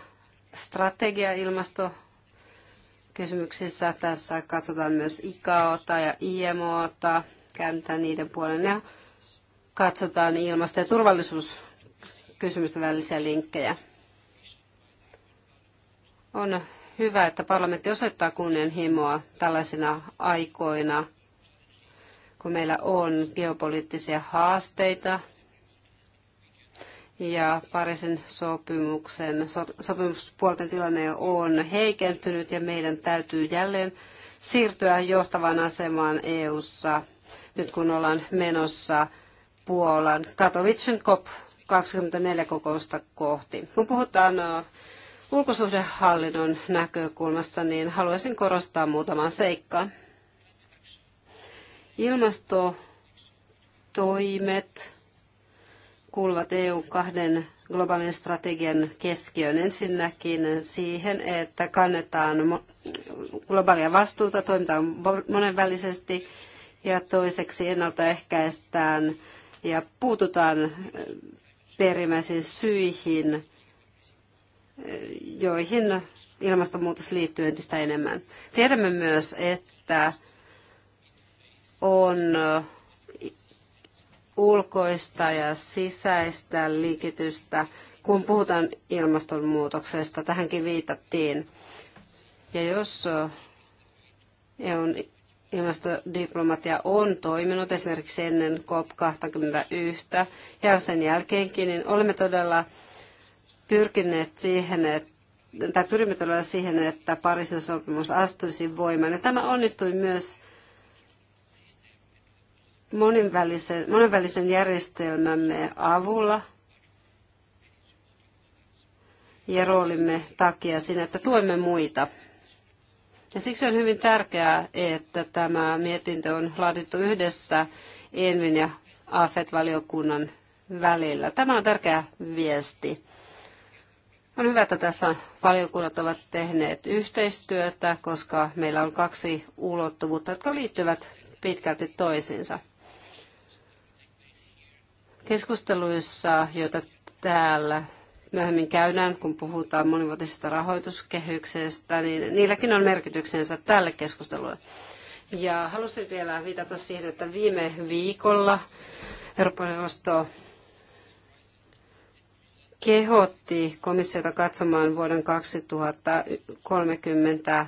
strategia ilmastokysymyksissä. Tässä katsotaan myös ICAOta ja IMOta käännytään niiden puolen ja katsotaan ilmasto- ja turvallisuuskysymysten välisiä linkkejä. On hyvä, että parlamentti osoittaa kunnianhimoa tällaisina aikoina, kun meillä on geopoliittisia haasteita ja Pariisin sopimuksen, so, sopimuspuolten tilanne on heikentynyt ja meidän täytyy jälleen siirtyä johtavaan asemaan EU:ssa nyt kun ollaan menossa Puolan Katowicen COP24-kokousta kohti. Kun puhutaan ulkosuhdehallinnon näkökulmasta, niin haluaisin korostaa muutaman seikkaa. Ilmastotoimet kuuluvat EU kahden globaalin strategian keskiön ensinnäkin siihen, että kannetaan globaalia vastuuta, toimitaan monenvälisesti ja toiseksi ennaltaehkäistään ja puututaan äh, perimmäisiin syihin, äh, joihin ilmastonmuutos liittyy entistä enemmän. Tiedämme myös, että on äh, ulkoista ja sisäistä liikitystä, kun puhutaan ilmastonmuutoksesta. Tähänkin viitattiin. Ja jos EUn ilmastodiplomatia on toiminut esimerkiksi ennen COP21 ja sen jälkeenkin, niin olemme todella pyrkineet siihen, että tai pyrimme todella siihen, että Pariisin sopimus astuisi voimaan. Ja tämä onnistui myös monenvälisen, monenvälisen järjestelmämme avulla ja roolimme takia siinä, että tuemme muita. Ja siksi on hyvin tärkeää, että tämä mietintö on laadittu yhdessä Envin ja AFET-valiokunnan välillä. Tämä on tärkeä viesti. On hyvä, että tässä valiokunnat ovat tehneet yhteistyötä, koska meillä on kaksi ulottuvuutta, jotka liittyvät pitkälti toisiinsa. Keskusteluissa, joita täällä myöhemmin käydään, kun puhutaan monivuotisesta rahoituskehyksestä, niin niilläkin on merkityksensä tälle keskustelulle. Ja halusin vielä viitata siihen, että viime viikolla Euroopan neuvosto kehotti komissiota katsomaan vuoden 2030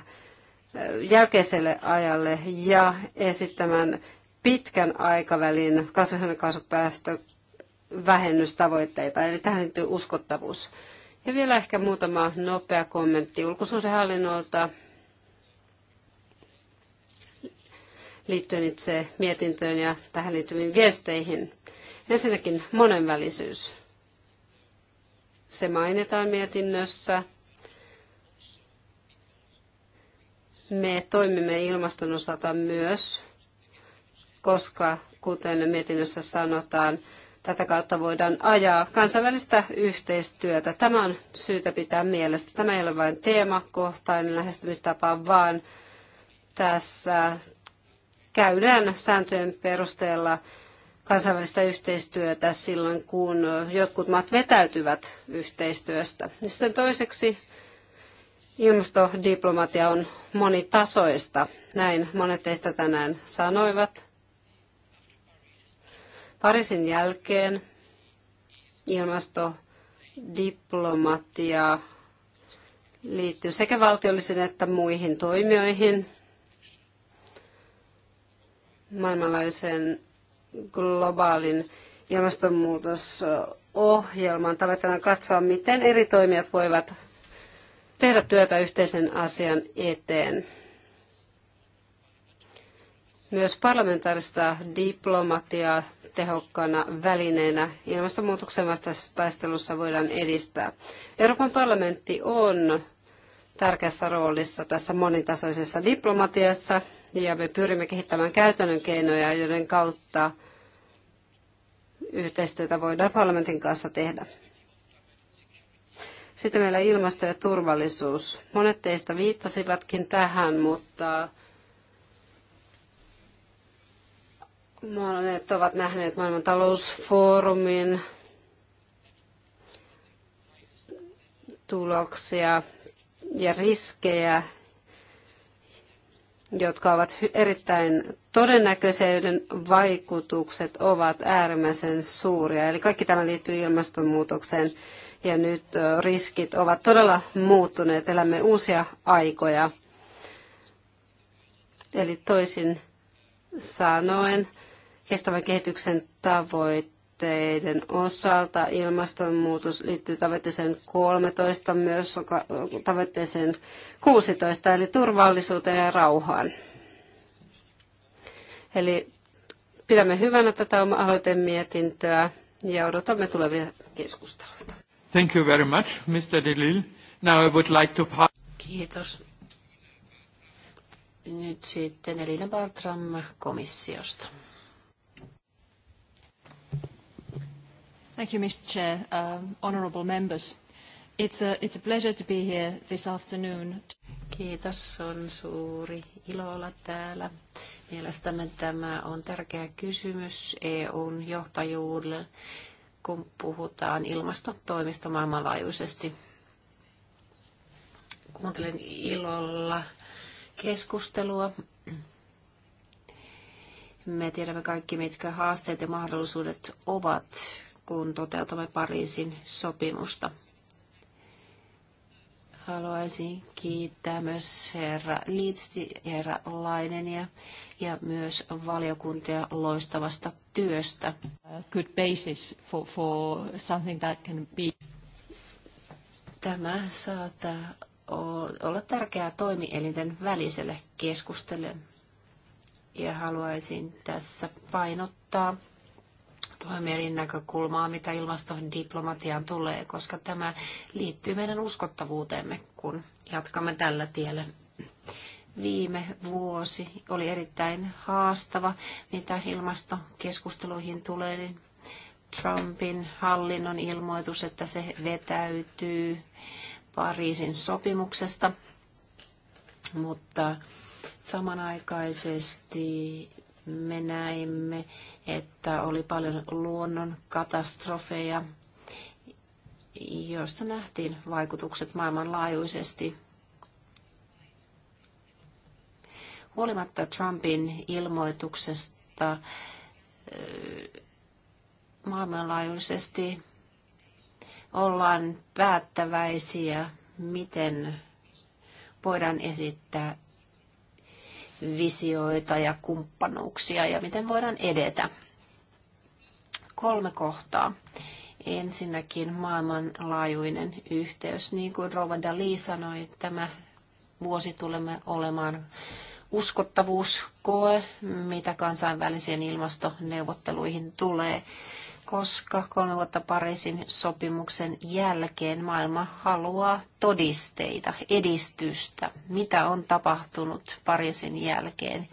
jälkeiselle ajalle ja esittämään pitkän aikavälin kasvihuonekaasupäästö vähennystavoitteita, eli tähän liittyy uskottavuus. Ja vielä ehkä muutama nopea kommentti ulkosuhdehallinnolta liittyen itse mietintöön ja tähän liittyviin viesteihin. Ensinnäkin monenvälisyys. Se mainitaan mietinnössä. Me toimimme ilmaston osalta myös, koska kuten mietinnössä sanotaan, Tätä kautta voidaan ajaa kansainvälistä yhteistyötä. Tämä on syytä pitää mielessä. Tämä ei ole vain teemakohtainen lähestymistapa, vaan tässä käydään sääntöjen perusteella kansainvälistä yhteistyötä silloin, kun jotkut maat vetäytyvät yhteistyöstä. Ja sitten toiseksi ilmastodiplomatia on monitasoista. Näin monet teistä tänään sanoivat. Pariisin jälkeen ilmastodiplomatia liittyy sekä valtiollisiin että muihin toimijoihin maailmanlaajuisen globaalin ilmastonmuutosohjelman tavoitteena katsoa, miten eri toimijat voivat tehdä työtä yhteisen asian eteen myös parlamentaarista diplomatiaa tehokkaana välineenä ilmastonmuutoksen vastaisessa taistelussa voidaan edistää. Euroopan parlamentti on tärkeässä roolissa tässä monitasoisessa diplomatiassa ja me pyrimme kehittämään käytännön keinoja, joiden kautta yhteistyötä voidaan parlamentin kanssa tehdä. Sitten meillä ilmasto ja turvallisuus. Monet teistä viittasivatkin tähän, mutta Monet ovat nähneet maailman talousfoorumin tuloksia ja riskejä, jotka ovat erittäin todennäköisiä, joiden vaikutukset ovat äärimmäisen suuria. Eli kaikki tämä liittyy ilmastonmuutokseen ja nyt riskit ovat todella muuttuneet. Elämme uusia aikoja. Eli toisin sanoen kestävän kehityksen tavoitteiden osalta. Ilmastonmuutos liittyy tavoitteeseen 13, myös tavoitteeseen 16, eli turvallisuuteen ja rauhaan. Eli pidämme hyvänä tätä oma aloitemietintöä ja odotamme tulevia keskusteluita. Thank you very much, Mr. DeLille. Now I would like to pass... Kiitos. Nyt sitten Elina Bartram komissiosta. Thank you, Mr. Chair. Um, uh, honorable members, it's a, it's a pleasure to be here this afternoon. Kiitos, on suuri ilo olla täällä. Mielestäni tämä on tärkeä kysymys EUn johtajuudelle, kun puhutaan ilmastotoimista maailmanlaajuisesti. Kuuntelen ilolla keskustelua. Me tiedämme kaikki, mitkä haasteet ja mahdollisuudet ovat kun toteutamme Pariisin sopimusta. Haluaisin kiittää myös herra Liitsti, herra Lainenia ja myös valiokuntia loistavasta työstä. good basis for, for something that can be. Tämä saattaa olla tärkeää toimielinten väliselle keskustelulle. Ja haluaisin tässä painottaa toimielin näkökulmaa, mitä diplomatiaan tulee, koska tämä liittyy meidän uskottavuuteemme, kun jatkamme tällä tiellä. Viime vuosi oli erittäin haastava, mitä ilmastokeskusteluihin tulee, niin Trumpin hallinnon ilmoitus, että se vetäytyy Pariisin sopimuksesta, mutta samanaikaisesti me näimme, että oli paljon luonnon katastrofeja, joista nähtiin vaikutukset maailmanlaajuisesti. Huolimatta Trumpin ilmoituksesta maailmanlaajuisesti ollaan päättäväisiä, miten voidaan esittää visioita ja kumppanuuksia ja miten voidaan edetä. Kolme kohtaa. Ensinnäkin maailmanlaajuinen yhteys. Niin kuin Rova Dali sanoi, tämä vuosi tulemme olemaan uskottavuuskoe, mitä kansainvälisiin ilmastoneuvotteluihin tulee koska kolme vuotta Pariisin sopimuksen jälkeen maailma haluaa todisteita, edistystä, mitä on tapahtunut Pariisin jälkeen.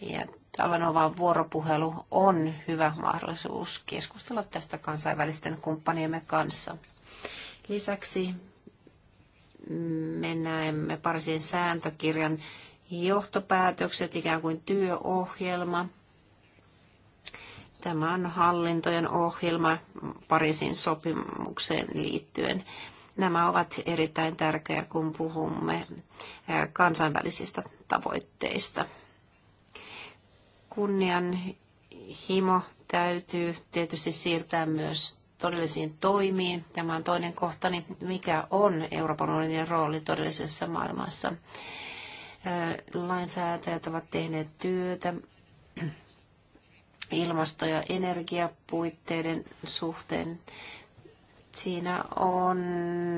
Ja tällainen vaan vuoropuhelu on hyvä mahdollisuus keskustella tästä kansainvälisten kumppaniemme kanssa. Lisäksi me näemme Pariisin sääntökirjan johtopäätökset, ikään kuin työohjelma – Tämä on hallintojen ohjelma Pariisin sopimukseen liittyen. Nämä ovat erittäin tärkeä, kun puhumme kansainvälisistä tavoitteista. Kunnianhimo täytyy tietysti siirtää myös todellisiin toimiin. Tämä on toinen kohtani, niin mikä on Euroopan unionin rooli todellisessa maailmassa. Lainsäätäjät ovat tehneet työtä ilmasto- ja energiapuitteiden suhteen. Siinä on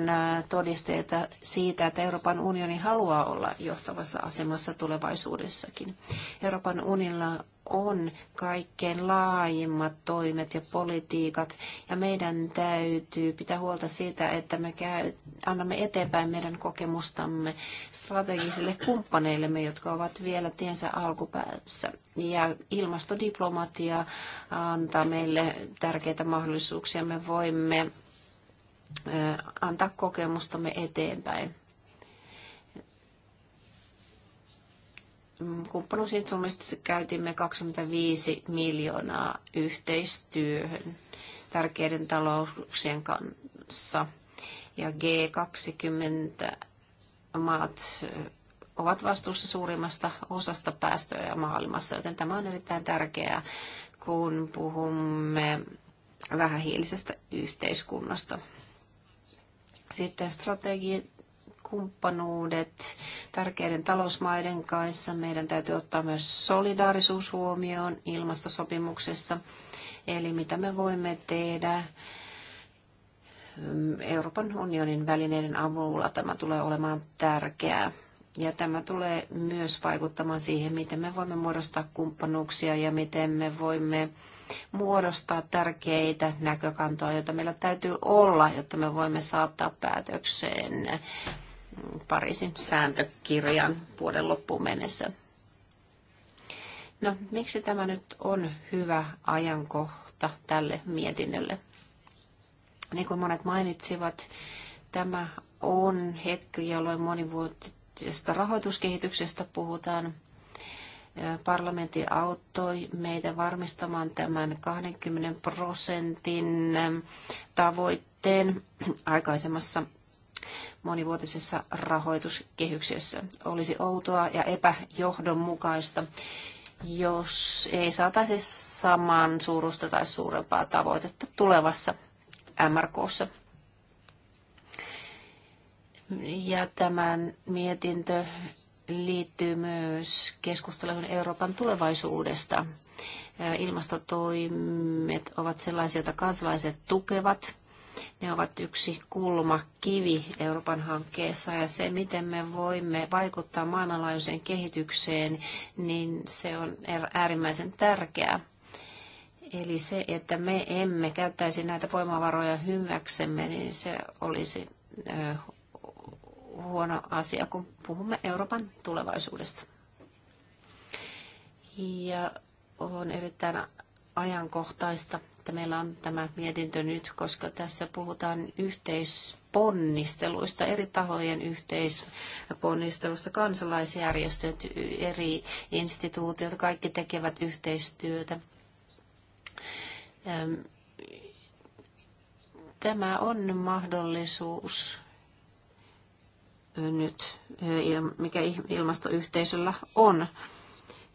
äh, todisteita siitä, että Euroopan unioni haluaa olla johtavassa asemassa tulevaisuudessakin. Euroopan unionilla on kaikkein laajimmat toimet ja politiikat, ja meidän täytyy pitää huolta siitä, että me käy, annamme eteenpäin meidän kokemustamme strategisille kumppaneillemme, jotka ovat vielä tiensä alkupäässä. Ja ilmastodiplomatia antaa meille tärkeitä mahdollisuuksia. Me voimme antaa kokemustamme eteenpäin. kumppanuusinstrumentista käytimme 25 miljoonaa yhteistyöhön tärkeiden talouksien kanssa. Ja G20 maat ovat vastuussa suurimmasta osasta päästöjä maailmassa, joten tämä on erittäin tärkeää, kun puhumme vähähiilisestä yhteiskunnasta. Sitten strategiat kumppanuudet tärkeiden talousmaiden kanssa. Meidän täytyy ottaa myös solidaarisuus huomioon ilmastosopimuksessa. Eli mitä me voimme tehdä mm, Euroopan unionin välineiden avulla. Tämä tulee olemaan tärkeää. Ja tämä tulee myös vaikuttamaan siihen, miten me voimme muodostaa kumppanuuksia ja miten me voimme muodostaa tärkeitä näkökantoja, joita meillä täytyy olla, jotta me voimme saattaa päätökseen Pariisin sääntökirjan vuoden loppuun mennessä. No, miksi tämä nyt on hyvä ajankohta tälle mietinnölle? Niin kuin monet mainitsivat, tämä on hetki, jolloin monivuotisesta rahoituskehityksestä puhutaan. Parlamentti auttoi meitä varmistamaan tämän 20 prosentin tavoitteen aikaisemmassa monivuotisessa rahoituskehyksessä. Olisi outoa ja epäjohdonmukaista, jos ei saataisi saman suurusta tai suurempaa tavoitetta tulevassa MRKssa. Ja tämän mietintö liittyy myös keskusteluun Euroopan tulevaisuudesta. Ilmastotoimet ovat sellaisia, joita kansalaiset tukevat. Ne ovat yksi kulmakivi Euroopan hankkeessa ja se, miten me voimme vaikuttaa maailmanlaajuiseen kehitykseen, niin se on er- äärimmäisen tärkeää. Eli se, että me emme käyttäisi näitä voimavaroja hyväksemme, niin se olisi huono asia, kun puhumme Euroopan tulevaisuudesta. Ja on erittäin ajankohtaista, että meillä on tämä mietintö nyt, koska tässä puhutaan yhteisponnisteluista, eri tahojen yhteisponnisteluista, kansalaisjärjestöt, eri instituutiot, kaikki tekevät yhteistyötä. Tämä on mahdollisuus nyt, mikä ilmastoyhteisöllä on.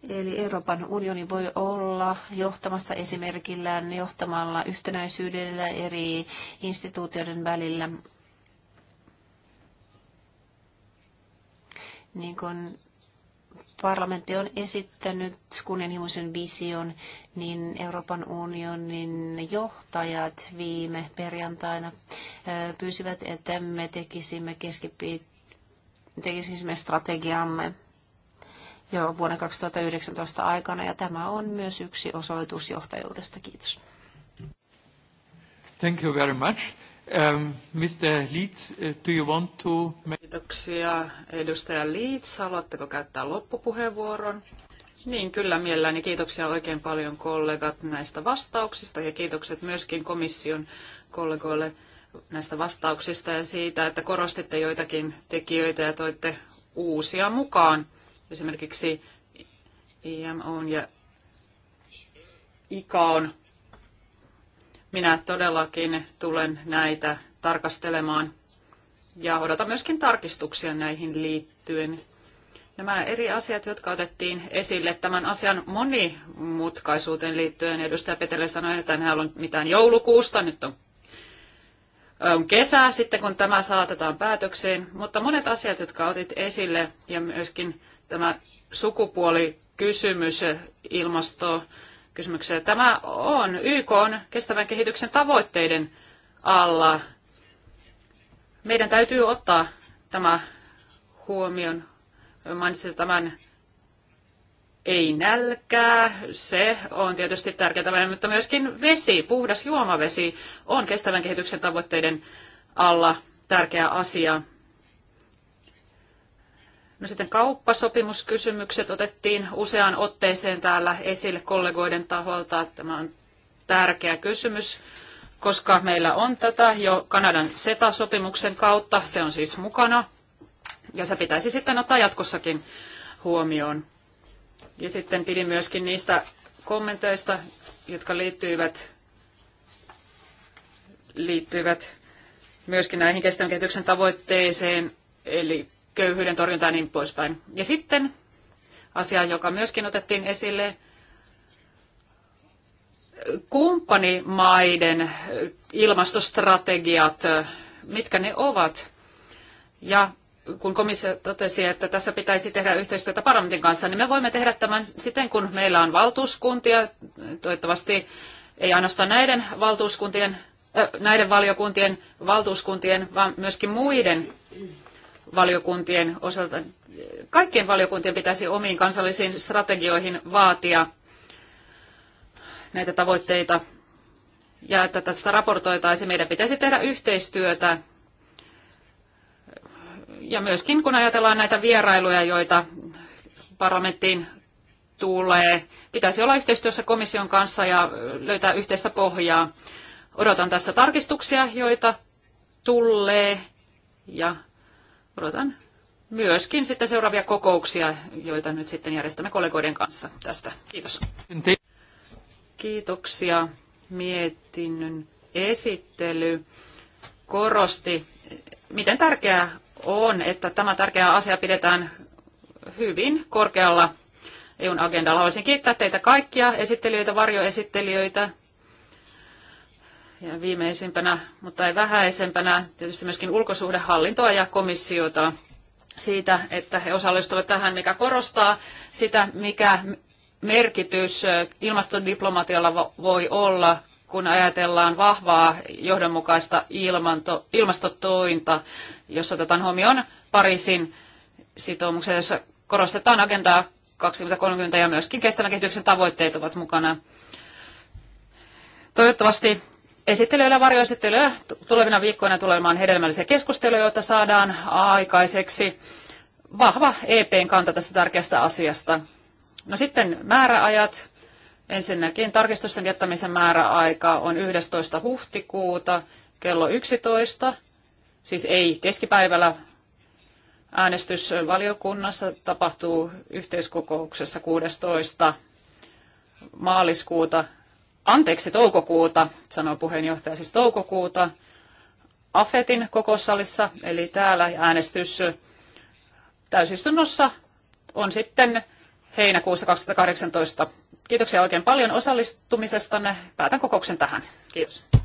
Eli Euroopan unioni voi olla johtamassa esimerkillään, johtamalla yhtenäisyydellä eri instituutioiden välillä. Niin kuin parlamentti on esittänyt kunnianhimoisen vision, niin Euroopan unionin johtajat viime perjantaina pyysivät, että me tekisimme keskipiit, tekisimme strategiamme jo vuoden 2019 aikana, ja tämä on myös yksi osoitus johtajuudesta. Kiitos. Thank you very much. Um, Mr. Leeds, uh, do you want to... Kiitoksia. Edustaja Leeds, haluatteko käyttää loppupuheenvuoron? Niin, kyllä mielelläni. Kiitoksia oikein paljon kollegat näistä vastauksista ja kiitokset myöskin komission kollegoille näistä vastauksista ja siitä, että korostitte joitakin tekijöitä ja toitte uusia mukaan esimerkiksi IMOn ja ICAon. Minä todellakin tulen näitä tarkastelemaan ja odotan myöskin tarkistuksia näihin liittyen. Nämä eri asiat, jotka otettiin esille tämän asian monimutkaisuuteen liittyen, edustaja Petele sanoi, että en halua mitään joulukuusta, nyt on on sitten, kun tämä saatetaan päätökseen, mutta monet asiat, jotka otit esille ja myöskin tämä sukupuolikysymys ilmasto kysymyksessä. Tämä on YK on kestävän kehityksen tavoitteiden alla. Meidän täytyy ottaa tämä huomioon. Mainitsin tämän ei nälkää, se on tietysti tärkeää, mutta myöskin vesi, puhdas juomavesi on kestävän kehityksen tavoitteiden alla tärkeä asia. No sitten kauppasopimuskysymykset otettiin useaan otteeseen täällä esille kollegoiden taholta. Tämä on tärkeä kysymys, koska meillä on tätä jo Kanadan SETA-sopimuksen kautta. Se on siis mukana ja se pitäisi sitten ottaa jatkossakin huomioon. Ja sitten pidin myöskin niistä kommenteista, jotka liittyivät, liittyivät myöskin näihin kestävän kehityksen tavoitteeseen, eli köyhyyden torjunta ja niin poispäin. Ja sitten asia, joka myöskin otettiin esille, kumppanimaiden ilmastostrategiat, mitkä ne ovat. Ja kun komissio totesi, että tässä pitäisi tehdä yhteistyötä parlamentin kanssa, niin me voimme tehdä tämän siten, kun meillä on valtuuskuntia, toivottavasti ei ainoastaan näiden valtuuskuntien äh, näiden valiokuntien valtuuskuntien, vaan myöskin muiden valiokuntien osalta, kaikkien valiokuntien pitäisi omiin kansallisiin strategioihin vaatia näitä tavoitteita ja että tästä raportoitaisiin. Meidän pitäisi tehdä yhteistyötä ja myöskin kun ajatellaan näitä vierailuja, joita parlamenttiin tulee, pitäisi olla yhteistyössä komission kanssa ja löytää yhteistä pohjaa. Odotan tässä tarkistuksia, joita tulee ja odotan myöskin sitten seuraavia kokouksia, joita nyt sitten järjestämme kollegoiden kanssa tästä. Kiitos. Kiitoksia. Mietinnön esittely korosti, miten tärkeää on, että tämä tärkeä asia pidetään hyvin korkealla EUn agendalla. Haluaisin kiittää teitä kaikkia esittelijöitä, varjoesittelijöitä, ja viimeisimpänä, mutta ei vähäisempänä, tietysti myöskin ulkosuhdehallintoa ja komissiota siitä, että he osallistuvat tähän, mikä korostaa sitä, mikä merkitys ilmastodiplomatialla voi olla, kun ajatellaan vahvaa johdonmukaista ilmanto, ilmastotointa, jossa otetaan huomioon Pariisin sitoumukset, jossa korostetaan agendaa 2030 ja myöskin kestävän kehityksen tavoitteet ovat mukana. Toivottavasti esittelyillä ja varjoesittelyillä tulevina viikkoina tulemaan hedelmällisiä keskusteluja, joita saadaan aikaiseksi. Vahva EPn kanta tästä tärkeästä asiasta. No sitten määräajat. Ensinnäkin tarkistusten jättämisen määräaika on 11. huhtikuuta kello 11, siis ei keskipäivällä. äänestysvaliokunnassa tapahtuu yhteiskokouksessa 16. maaliskuuta anteeksi toukokuuta, sanoo puheenjohtaja, siis toukokuuta AFETin kokoussalissa, eli täällä äänestys täysistunnossa on sitten heinäkuussa 2018. Kiitoksia oikein paljon osallistumisestanne. Päätän kokouksen tähän. Kiitos.